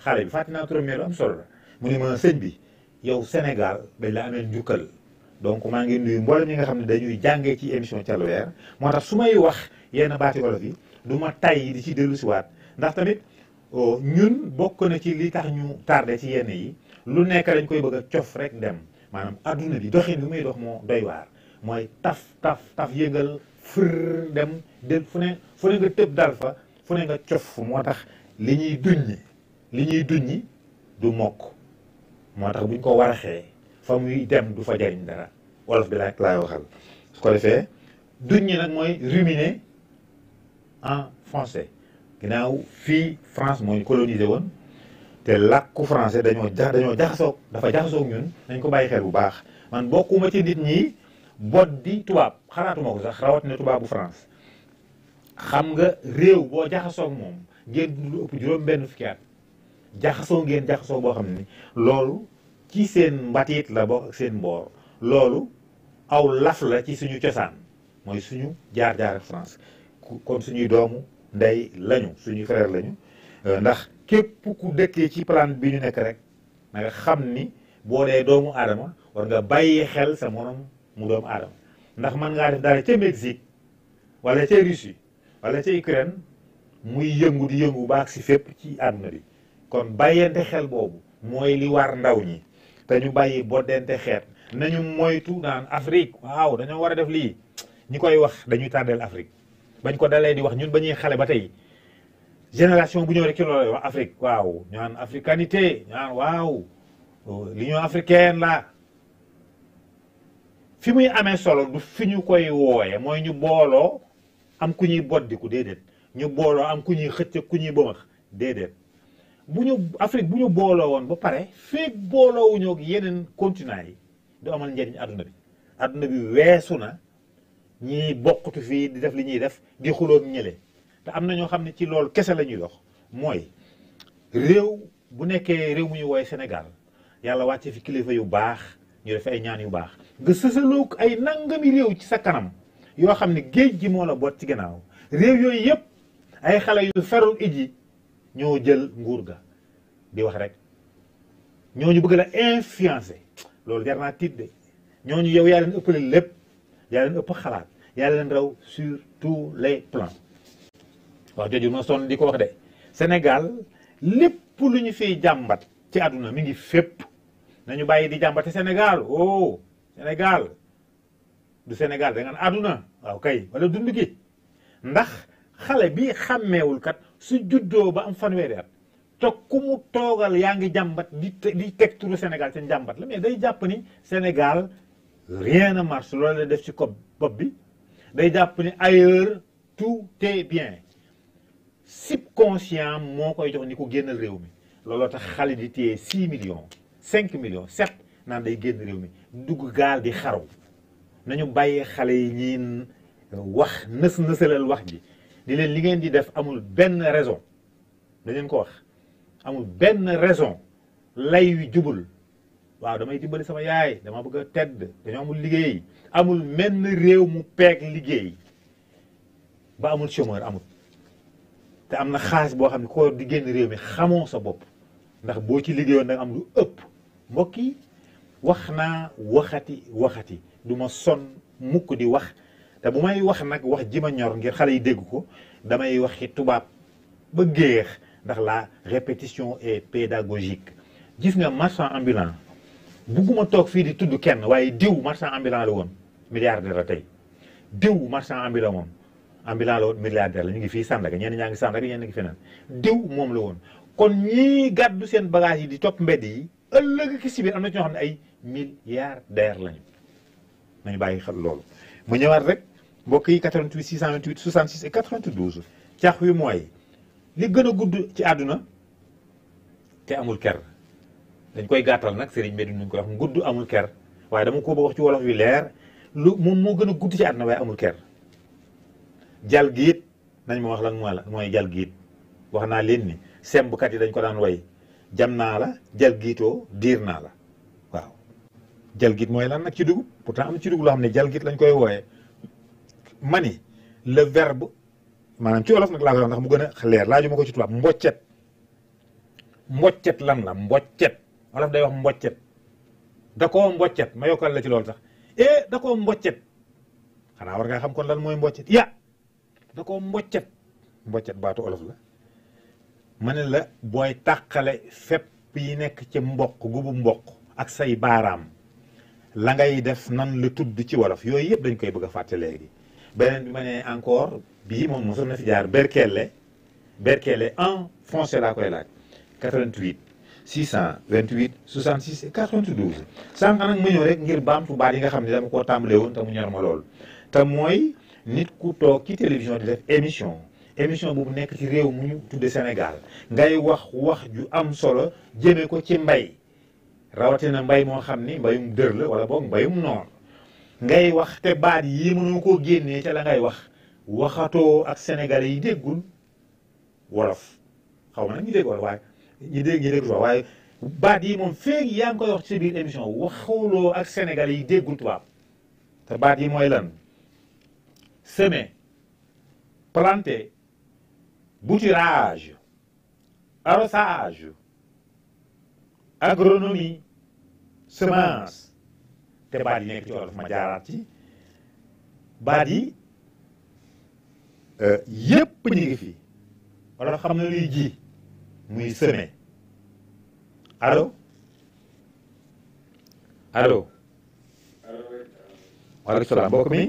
xale bi fàttali naa turam lu am solo la mu ne ma sëñ bi yow Sénégal dañ la amee njukkal donc maa ngi nuyu mboolem ñi nga xam ne dañuy jàngee ci émission Càlloo Yaar moo tax su may wax yenn baati wolof yi du ma tay di ci dellu siwaat ndax tamit ñun bokk na ci li tax ñu tardé ci yenn yi lu nekk dañ koy bëgg cof rek dem maanaam adduna bi doxin lu muy dox moo doy waar mooy taf taf taf yëngal fër dem dem fu ne fu ne nga tëb dal fa fu ne nga cof moo tax li ñuy duñ li ñuy duññi du mokk moo tax buñ ko waraxee fa muy dem du fa jariñ dara wolof bi laa lay waxal su ko defee duññi nag mooy ruminer en français ginnaaw fii France mooy colonisé woon te làkku français dañoo jax dañoo jaxasoog dafa jaxasoog ñun dañ ko bàyyi xel bu baax man bokkuma ci nit ñi boddi tubaab xalaatuma ko sax rawatina tubaabu France xam nga réew boo jaxasoog moom ngeen dund lu ëpp juróom benn fukki jaxasoo ngeen jaxasoo boo xam ne loolu ci seen mbatiit la bokk ak seen mboor loolu aw las la ci suñu cosaan mooy suñu jaar-jaar ak France kon suñuy doomu ndey lañu suñu frère lañu euh, ndax képp ku dëkkee ci plan bi ñu nekk rek na nga xam ni boo dee doomu aadama war nga bàyyi xel sa morom mu doomu aadama ndax mën ngaa def dara ca Mexique wala ca Russie wala Ukraine muy yëngu di yëngu baax si fépp ci àdduna bi kon bàyyente xel boobu mooy li war ndaw ñi te ñu bàyyi boddente xeet nañu moytu naan Afrique waaw dañoo war a def lii ñi koy wax dañuy tardeel Afrique bañ ko dalee di wax ñun ba ñuy xale ba tey génération bu ñëw rek ci loolu Afrique waaw ñu naan africanité ñu naan waaw l'union africaine la fi muy amee solo du fi ñu koy wooye mooy ñu booloo am ku ñuy boddiku déedéet ñu booloo am ku ñuy xëcc ku ñuy bëmax déedéet bu ñu Afrique bu ñu booloo woon ba pare feeg booloo wuñu ak yeneen continent yi du amal njëriñ àdduna bi àdduna bi weesu na ñi bokkatu fii di def li ñuy def di xuloog ñële te am na ñoo xam ne ci loolu kese la ñuy dox mooy réew bu nekkee réew mu ñu woowee Sénégal yàlla wàcce fi kilifa yu baax ñu def ay ñaan yu baax nga sësaloog ay nangami réew ci sa kanam yoo xam ne géej gi moo la boot ci gannaaw réew yooyu yëpp ay xale yu ferul iji ñoo jël nguur ga di wax rek ñooñu bëgg la influencer loolu jar naa tiit de ñu yow yaa leen ëppale lépp yaa leen ëpp xalaat yaa leen raw sur tous les plans wax jooju ma sonn di ko wax de Sénégal lépp lu ñu fiy jàmbat ci àdduna mi ngi fépp nañu bàyyi di jàmbate Sénégal oh Sénégal du Sénégal da nga ne àdduna waaw kay walla dund gi ndax xale bi xàmmeewul kat su juddoo ba am fanweeri at tog ku mu toogal yaa ngi jàmbat di di teg turu Sénégal seen jàmbat la mais day jàpp ni Sénégal rien ne marche loolu la def ci ko bopp bi day jàpp ni ailleurs tout est bien subconscient moo koy jox ni ku génnal réew mi looloo tax xale di téye 6 millions 5 millions 7 naan day génn réew mi dugg gaal di xaru nañu bàyyi xale yi ñiin wax nës nësalal wax ji di leen li ngeen di def amul benn raison dañ leen ko wax amul benn raison lay wi jubul waaw damay dimbali sama yaay dama bëgg a tedd dañoo amul liggéey amul menn réew mu peeg liggéey ba amul chômeur amul te am na xaas boo xam ne ko di génn réew mi xamoo sa bopp ndax boo ci liggéeyoon da am lu ëpp mbokk yi wax naa waxati waxati duma son mukk di wax te bu may wax nag wax ji ma ñor ngir xale yi dégg ko damay waxi tubaab ba géex ndax la répétition est pédagogique gis nga marchand ambulant bugguma toog fii di tudd kenn waaye diw marchand ambulant la woon milliardaire la tey diw marchand ambulant moom ambulant la woon milliardaire la ñu ngi fii Sandaga ñenn ñaa ngi Sandaga ñenn ngi feneen diw moom la woon kon ñii gàddu seen bagage yi di topp mbedd yi ëllëg ki si am na ñoo xam ne ay milliardaires lañu nañu bàyyi xel loolu. mu ñëwaat rek mbokk yi 88 628 66 et 92 caax wi mooy li gën a gudd ci àdduna te amul ker dañ koy gàttal nag Serigne Mbédou ñu ngi koy wax gudd amul ker waaye dama ko bëgg wax ci wolof yu leer lu moom moo gën a gudd ci àdduna waaye amul ker jal giit nañ ma wax lan mooy mooy jal giit wax naa leen ni sembkat yi dañ ko daan way jam naa la jalgitoo diir naa la waaw jalgit mooy lan nag ci dugub pourtant am ci dugub loo xam ne jalgit lañ koy wooyee mani le verbe maanaam ci olof nag laa koy wax ndax mu gën a leer laaju ma ko ci tubaab mboccet mboccet lan la mboccet olof day wax mboccet da koo mboccet ma yokkal la ci loolu sax eh da koo mboccet xanaa war ngaa xam kon lan mooy mboccet ya da koo mboccet mboccet baatu olof la ma ne la booy tàqale fepp yi nekk ci mboq gubu mboq ak say baaraam langay def nan la tudd ci wolof yooyu yëpp dañ koy bëgg a fàtte léegi beneen bi ma ne encore bii moom mosoon na fi jaar berkele berkele en foncé laa koy laaj 88 628 66 et 92 sànq nag ma ñëw rek ngir baamtu baat yi nga xam ne dama koo tàmbalee woon tam mu ñor ma lool te mooy nit ku toog ci télévision di def émission émission boobu nekk ci réew mu ñu tudde Sénégal ngay wax wax ju am solo jëme ko ci mbay rawatina mbay moo xam ni mbayum dër la wala boog mbayum noor ngay wax te baat yi mënoo koo génnee ca la ngay wax waxatoo ak senegal yi déggul wolof xaw ma nag ñu dégg wala waaye baat yi moom feeg yaa ngi koy wax ci biir émission waxuloo ak senegal yi déggul tubaab te baat yi mooy lan semer planter bouturage arrosage agronomie semence te baat yi nekk ci wolof ma jaaraat ci baat eh, yi yépp ñu ngi fi wala xam na luy ji muy salaam mbokk mi.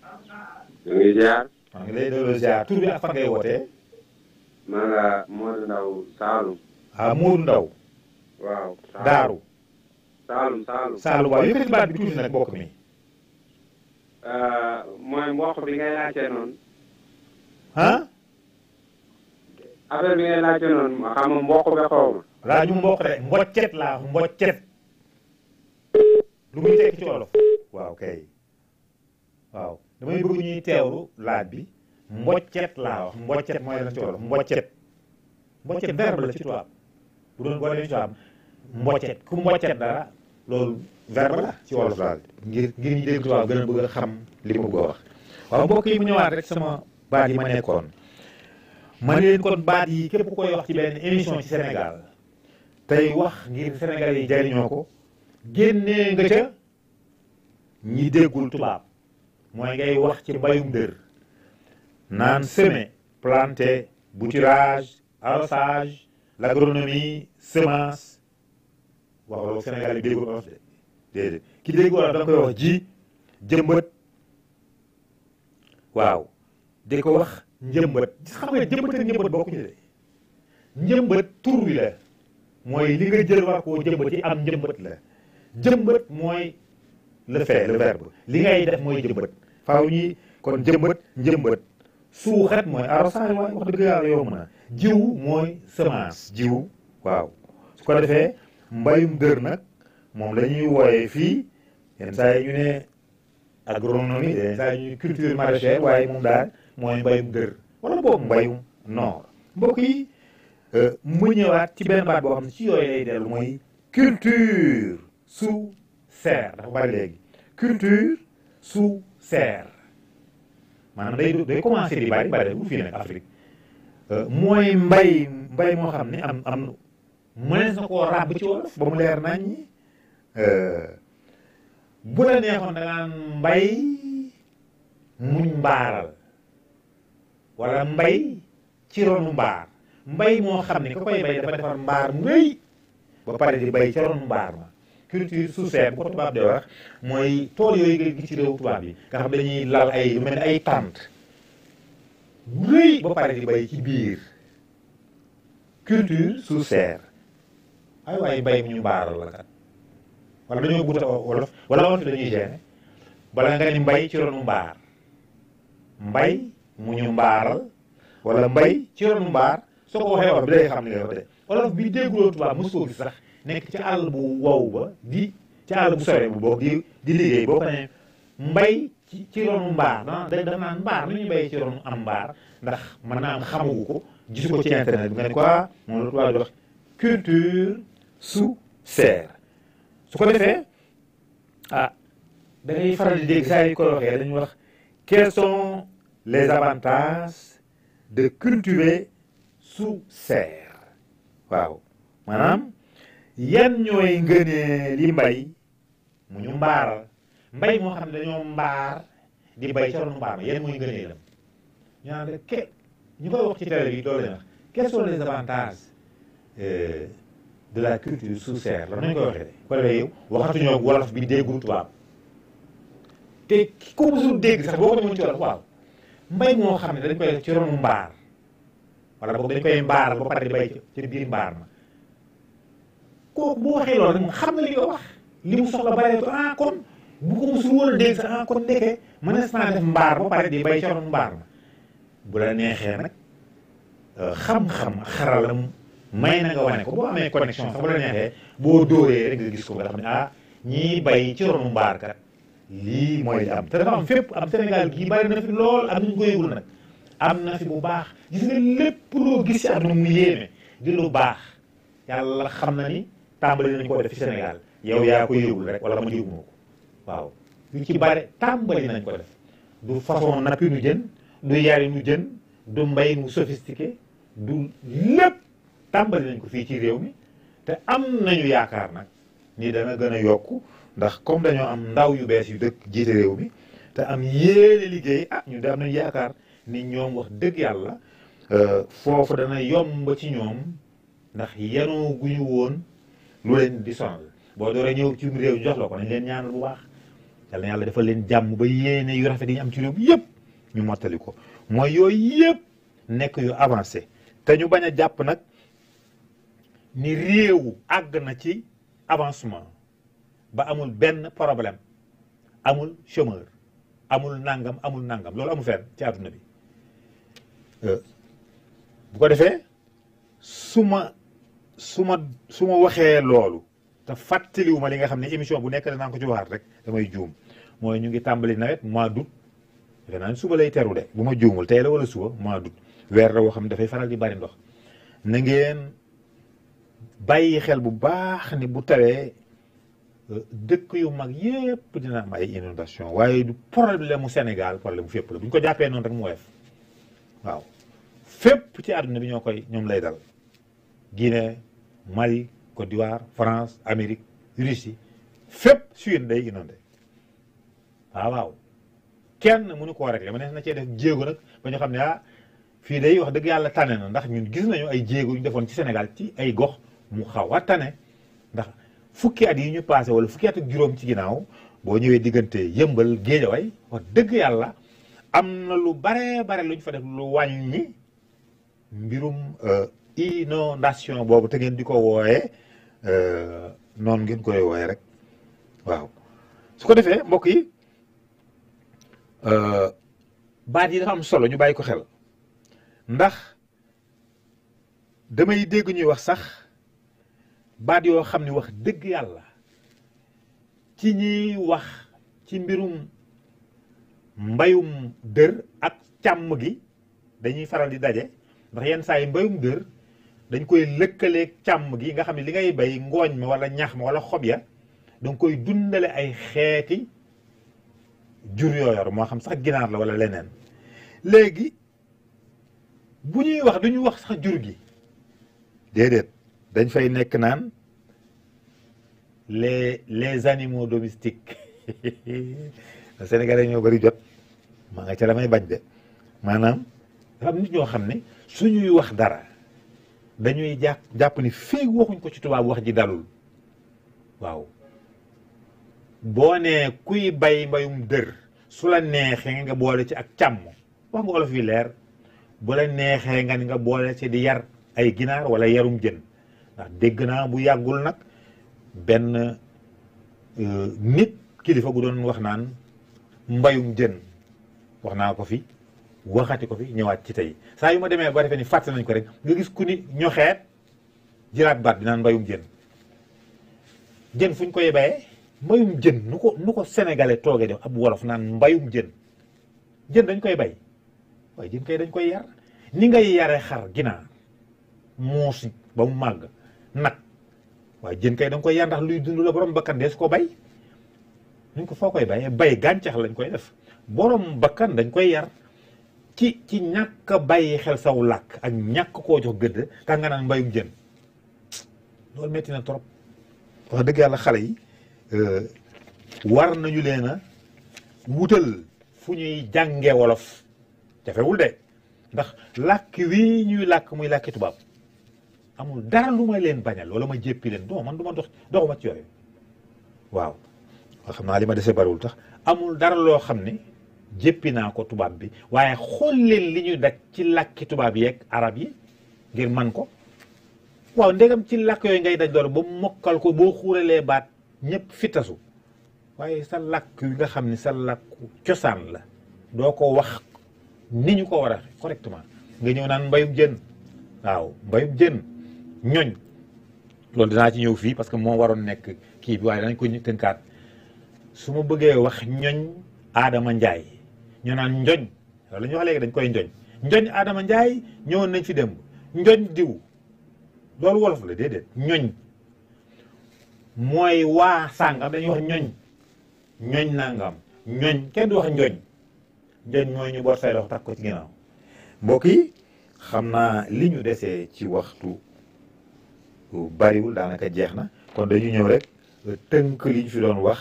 maa ngi ziar. maa ngi lay delloo ziar tur bi ak fan ngay maa nga Modou Ndaw Saalum ah Modou Ndaw waaw Daaru Saalum Saalum Saalum waaw yëkkati baat bi tuuti nag mbokk mi ah, mooy mboq bi ngay laajtee noonu ah affaire bi ngay laajtee noonu xam nga mboq bi xaw ma laaju mboq de mboccet laa mboccet lu muy tekki ci waaw kay waaw damay bëgg ñuy teewlu laaj bi mboccet laa wax mboccet mooy lan ci wolof mboccet mboccet verbe la ci tubaab bu doon boolee ci tubaab mboccet loolu verbe la ci wolof ngir ngir ñu dégg bëgg a xam li mu bëgg a wax waaw mbokk mu ñëwaat rek sama baat yi ma nekkoon ma ne leen kon baat yi képp koy wax ci benn émission ci Sénégal tey wax ngir Sénégal yi jariñoo ko génnee nga ca ñi déggul tubaab mooy ngay wax ci mbayum dër naan semer planter bouturage arrosage l'agronomie semence wax loolu Sénégal yi déggul olof de déedéet ki déggul olof da nga koy wax ji jëmbët waaw di ko wax njëmbët gis xam nga jëmbët ak njëmbët bokkuñu de njëmbët tur wi la mooy li nga jël war koo jëmbët yi am njëmbët la jëmbët mooy le fait le li ngay def mooy jëmbët faaw ñi kon jëmbët njëmbët suuxat mooy arrosage mooy wax dëgg yàlla yomb na jiw mooy semence jiw waaw su ko defee mbayum dër nag moom la ñuy wooyee fii yenn saa yi ñu ne agronomie yenn saa yi culture maraîchère waaye moom daal mooy mbayum dër wala boobu mbayum noor mbokk yi mu ñëwaat ci benn baat boo xam ne ci yooyu lay dellu mooy culture sous serre dafa bari léegi culture sous serre maanaam day day commencé di bari bari bu fii nag Afrique euh, mooy mbay mbay moo xam ne am am na koo ràbb ci wolof ba mu leer nañ ñi euh, bu la neexoon da mbay muñ mbaaral wala mbay ci ronu mbaar mbay moo xam ne ka koy bay dafa defar mbaar mu rëy ba pare di bay ci ronu mbaar ma culture sous serre bu ko tubaab de wax mooy tool yooyu nga gis ci réew tubaab yi nga xam dañuy lal ay lu mel ni ay tànt rëy ba pare di bay ci biir culture sous ay waaye bay mu ñu baaral la kat wala dañoo guuta wolof wala wante dañuy génne nga ni mbay ci ronu mbaar mbay mu ñu mbaaral wala mbay ci ronu mbaar soo ko waxee wolof bi day xam ne nga bi dégguloo tubaab mosoo gis sax nekk ci àll bu wow ba di ci bu sore bu boog di di liggéey boo ko mbay ci ci ronu mbaar da da naan mbaar lu ñu bay ci ronu am mbaar ndax mën naa am xamagu ko gisu ko ci internet bi nga ne ko moom la tubaab di wax culture su serre su ko defee ah da ngay faral di dégg saa yu koy waxee dañuy wax quels sont les avantages de cultiver sous serre waaw yan ñooy ngënee li mbay mu ñu mbaaral mbay moo xam ne dañoo mbaar di bay ca roon mbaar ma yan mooy ngënee lam ñu naan la ke ñu koy wax ci télé bi loolu leen wax quels sont les avantages euh, de la culture sous serre la nañ koy waxee de ko defee yow waxatuñoo wolof bi déggul tubaab te ki ko musul dégg sax boo ko demoon ci wolof waaw mbay moo xam ne dañ koy def ci ronu mbaar wala boog dañ koy mbaaral ba pare di bay ci biir mbaar ma kooku bu waxee loolu rek moom xam na li nga wax li mu soxla bareetu ah kon bu ko musul woon a dégg sax ah kon ndeke mënees naa def mbaar ba pare di bay ca roon mbaar ma bu la neexee nag euh, xam-xam xaralam may na nga wane ko boo amee connexion sax bu la neexee boo dóoree rek nga gis ko nga xam ne ah ñii bay ci roon mbaar kat lii mooy am te dafa am fépp am na fi lool am ko yëgul nag am na fi bu baax gis nga lépp loo gis ci àdduna mu yéeme di lu baax yàlla xam na ni tàmbali nañ koo def fi Sénégal yow yaa ko yëgul rek wala man yëgu ma ko waaw yu ci bare tàmbali nañ ko def du façon nappi nu jën du yari nu jën du mbay mu sophistiqué du lépp tàmbali nañ ko fii ci réew mi te am nañu yaakaar nag ni dana gën a yokk ndax comme dañoo am ndaw yu bees yu dëkk jiite réew mi te am yéene liggéey ah ñu de am yaakaar ni ñoom wax dëgg yàlla euh, foofu dana yomb ci ñoom ndax yanoo guñu woon lu leen di sonal boo dooree ñëw ci réew ñu jox la ko nañ leen ñaanal bu na yàlla defal leen jàmm ba yéene yu rafet yi ñu am ci yëpp ñu mottali ko mooy yooyu yëpp nekk yu avancé te ñu bañ a jàpp nag ni réew àgg na ci avancement ba amul benn problème amul chômeur amul nangam amul nangam loolu amul fenn ci àdduna bi euh, bu ko defee su su ma su ma waxee loolu te fàttaliwu ma li nga xam ne émission bu nekk danaa ko ci waxaat rek damay juum mooy ñu ngi tàmbali nawet mois d'août defe naa suba lay teru de bu ma juumul tey la wala suba mois d'août weer la woo xam ne dafay faral di bari ndox na ngeen bàyyi xel bu baax ni bu tawee euh, dëkk yu mag yépp dina am ay inondation waaye du problème mu Sénégal problème mu fépp la bu ñu ko jàppee noonu rek mu woyof waaw fépp ci àdduna bi ñoo koy ñoom lay dal Guinée Mali Côte d'Ivoire France Amérique Russie fépp Chine day inondé waaw waaw kenn mënu koo réglé ma ne na cee def jéego nag ba ñu xam ne ah fii day wax dëgg yàlla tànne na ndax ñun gis nañu ay jéego yu ñu defoon ci senegal ci ay gox mu xaw a ndax fukki at yi ñu passé wala fukki at ak juróom ci ginnaaw boo ñëwee diggante yëmbal géejaway wax dëgg yàlla am na lu bare bare lu ñu fa def lu wàññi mbirum. Euh, inondation boobu te ngeen di ko wooyee euh, noonu ngeen koy wooyee rek waaw su ko defee mbokk yi euh, baat yi dafa am solo ñu bàyyi ko xel ndax damay dégg ñuy wax sax baat yoo xam ne wax dëgg yàlla ci ñiy wax ci mbirum mbayum dër ak càmm gi dañuy faral di daje ndax yenn saa yi mbayum dër dañ koy lëkkaleeg càmm gi nga xam ne li ngay bay ngooñ ma wala ñaax ma wala xob ya danga koy dundale ay xeeti jur yooyor moo xam sax ginaar la wala leneen léegi bu ñuy wax duñu wax sax jur gi déedéet dañ fay nekk naan les les animaux domestiques Sénégalais ñoo bari jot maa nga ca la bañ de maanaam dafa am nit ñoo xam ne suñuy wax dara dañuy jàpp jàpp ni feeg waxuñ ko ci tubaab wax ji dalul waaw boo nee kuy bay mbayum dër su la neexee nga boole ci ak càmm wax nga olof yu leer bu la neexee nga ni nga boole ci di yar ay ginaar wala yarum jën ndax dégg naa bu yàggul nag benn euh, nit kilifa gu doon wax naan mbayum jën wax naa ko fi waxati ko fi ñëwaat ci tey saa yu ma demee ba defee ni fàtte nañ ko rek nga gis ku ni ñoxeet jëlaat baat bi naan mbayum jën jën fu ñu koy bayee mbayum jën nu ko nu ko sénégalais toogee def ab wolof naan mbayum jën jën dañ koy bay waaye jën kay dañ koy yar ni ngay yare xar ginaar muusi ba mu màgg nag waaye jën kay da koy yar ndax luy dund la borom bakkan dee su ko bay nuñ ko foo koy bayee bay gàncax lañ koy def boroom bakkan dañ koy yar ci ci ñàkk bàyyi xel saw làkk ak ñàkk koo jox gëdd tax nga jën loolu metti na trop wax dëgg yàlla xale yi euh, war nañu leen a wutal fu ñuy jànge wolof jafewul de ndax làkk wii ñuy làkk muy làkki tubaab amul dara lu ma leen bañal wala ma jéppi leen non man du ma dox doxuma ci yooyu waaw xam naa li ma dese bariwul tax amul dara loo xam ni jéppi naa ko tubaab bi waaye xool li ñu daj ci làkki tubaab yeeg arab yi ngir man ko waaw ndegam ci làkk yooyu ngay daj door ba mu mokkal ko boo xuuralee baat ñëpp tasu waaye sa làkk wi nga xam ni sa làkku cosaan la doo ko wax ni ñu ko war a correctement nga ñëw naan mbayum jën waaw mbayum jën ñoñ loolu dinaa ci ñëw fii parce que moo waroon nekk kii bi waaye danañ ko tënkaat su ma bëggee wax ñoñ aadama Ndiaye ñu naan njoñ loolu la ñuy wax léegi dañ koy njoñ njoñ Adama Ndiaye ñëwoon nañ fi démb njoñ diw loolu wolof la déedéet ñoñ mooy waa sàngam dañuy wax ñoñ ñoñ nangam ñoñ kenn du wax njoñ njoñ mooy ñu boot say loxo takk ko ci ginnaaw mbokk yi xam naa li ñu desee ci waxtu bariwul daanaka jeex na kon dañu ñëw rek tënk li ñu fi doon wax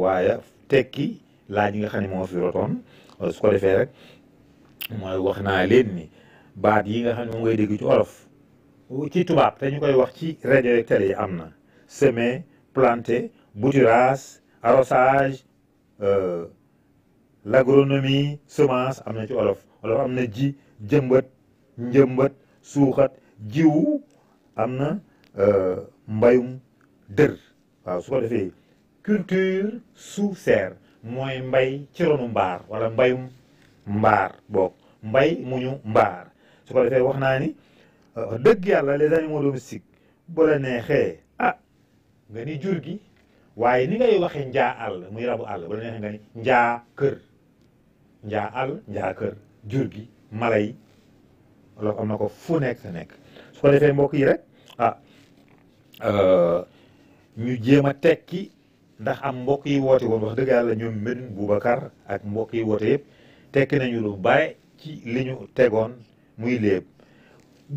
waaye tekki laaj yi nga xam ne moo fi rotoon su ko defee rek mooy wax naa leen ni baat yi nga xam ne moom ngay dégg ci olof ci tubaab te ñu koy wax ci rajo yi am na semer planter bouturage arrosage euh, l'agronomie semence am na ci olof olof am na ji jëmbat njëmbat suuxat jiwu am na euh, mbayum dër waaw su ko defee culture sous serre mooy mbay ci ronu mbaar wala mbayum mbaar boog mbay muñu mbaar su defee wax naa ni dëgg yàlla les animaux domestiques bu la neexee ah nga ni jur gi waaye ni ngay waxee njaa àll muy rabu àll bu la neexee nga ni njaa kër njaa àll njaa kër jur gi mala yi loolu am na ko fu nekk sa nekk su ko defee mbokk rek ah euh, ñu jéem a tekki ndax am mbokk yi woote woon wax dëgg yàlla ñoom Medoune Boubacar ak mbokk yi woote yëpp tekki nañu lu bàyyi ci li ñu tegoon muy léeb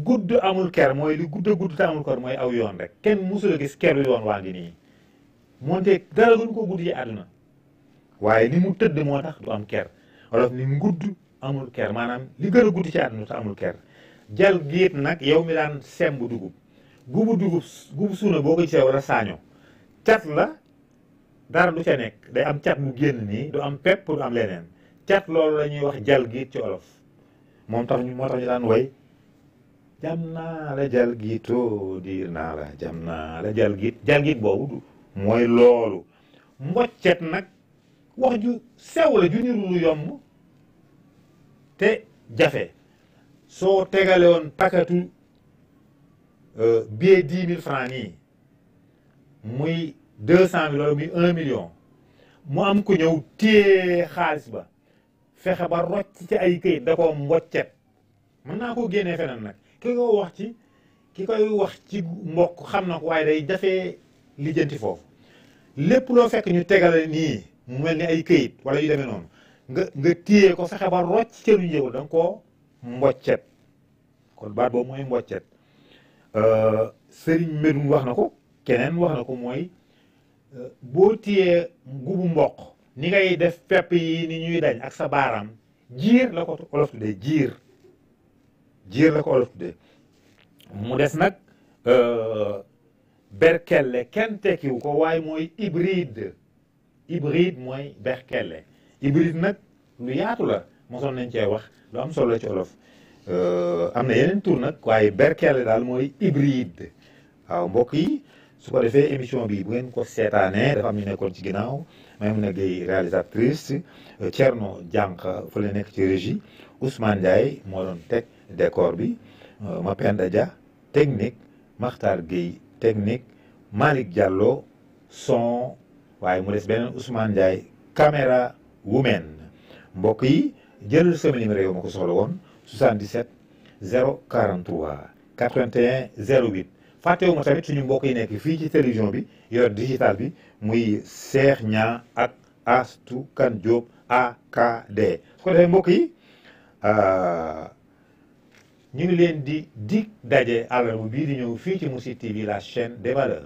gudd amul ker mooy li gudd gudd te amul ker mooy aw yoon rek kenn musula gis keru yoon waa ngi nii moonte dara duñ ko gudd yi àdduna waaye ni mu tëdd moo tax du am ker wolof ni ngudd amul ker maanaam li gën a gudd ci àdduna te amul ker jal giit nag yow mi daan semb dugub gubu dugub gubu suuna boo ko gisee saaño cat la dara du ca nekk day am cat mu génn nii du am pepp du am leneen cat loolu la ñuy wax jal giit ci olof moom tax ñu moo tax ñu daan woy jam naa la jal giitoo diir naa la jam naa jal giit jal giit mooy loolu mboccet nag wax ju sew la ju niru yomb te jafe soo tegale woon pakatu euh, billet dix mille francs nii muy deux cent mille wala muy million mu am ko ñëw téye xaalis ba fexe ba rocc ci ay këyit da koo mboccet mën naa koo génnee feneen nag ki ko wax ci ki koy wax ci mbokk xam na ko waaye day jafee lijjanti foofu lépp loo fekk ñu tegal nii mu mel ni ay këyit wala yu demee noonu nga nga téye ko fexe ba rocc ca lu ñëw da koo mboccet kon baat boobu mooy mboccet euh, sëriñ Medoune wax na ko keneen wax na ko mooy boo téyee ngubu mboq ni ngay def pepp yi ni ñuy dañ ak sa baaraam jiir la ko olof tuddee jiir jiir la ko olof tuddee mu des nag euh, berkelle kenn tekkiwu ko waaye mooy hybride hybride mooy berkelle hybride nag lu yaatu la mosoon nañ cee wax lu am solo ci olof euh, am na yeneen tur nag waaye berkelle daal mooy hybride waaw mbokk yi su ko defee émission bi bu ngeen ko seetaanee dafa am ñu nekkoon ci ginnaaw Maimouna Gueye réalisatrice eh, Thierno Diank fa nekk ci régie Ousmane Ndiaye moo doon teg décor bi eh, Mapenda Dia technique Makhtar Gueye technique Malick Diallo son waaye mu des beneen Ousmane Ndiaye caméra woman mbokk yi jëlal sama numéro yow ma ko soxla woon 77 043 81 08 fàttewu ma tamit suñu mbokk yi nekk fii ci télévision bi yor digital bi muy Cheikh Niang ak Astou Kane Diop AKD su ko defee mbokk yi euh, ñu ngi leen di dig daje àllarba bii di ñëw fii ci Mourchid TV la chaîne des valeurs.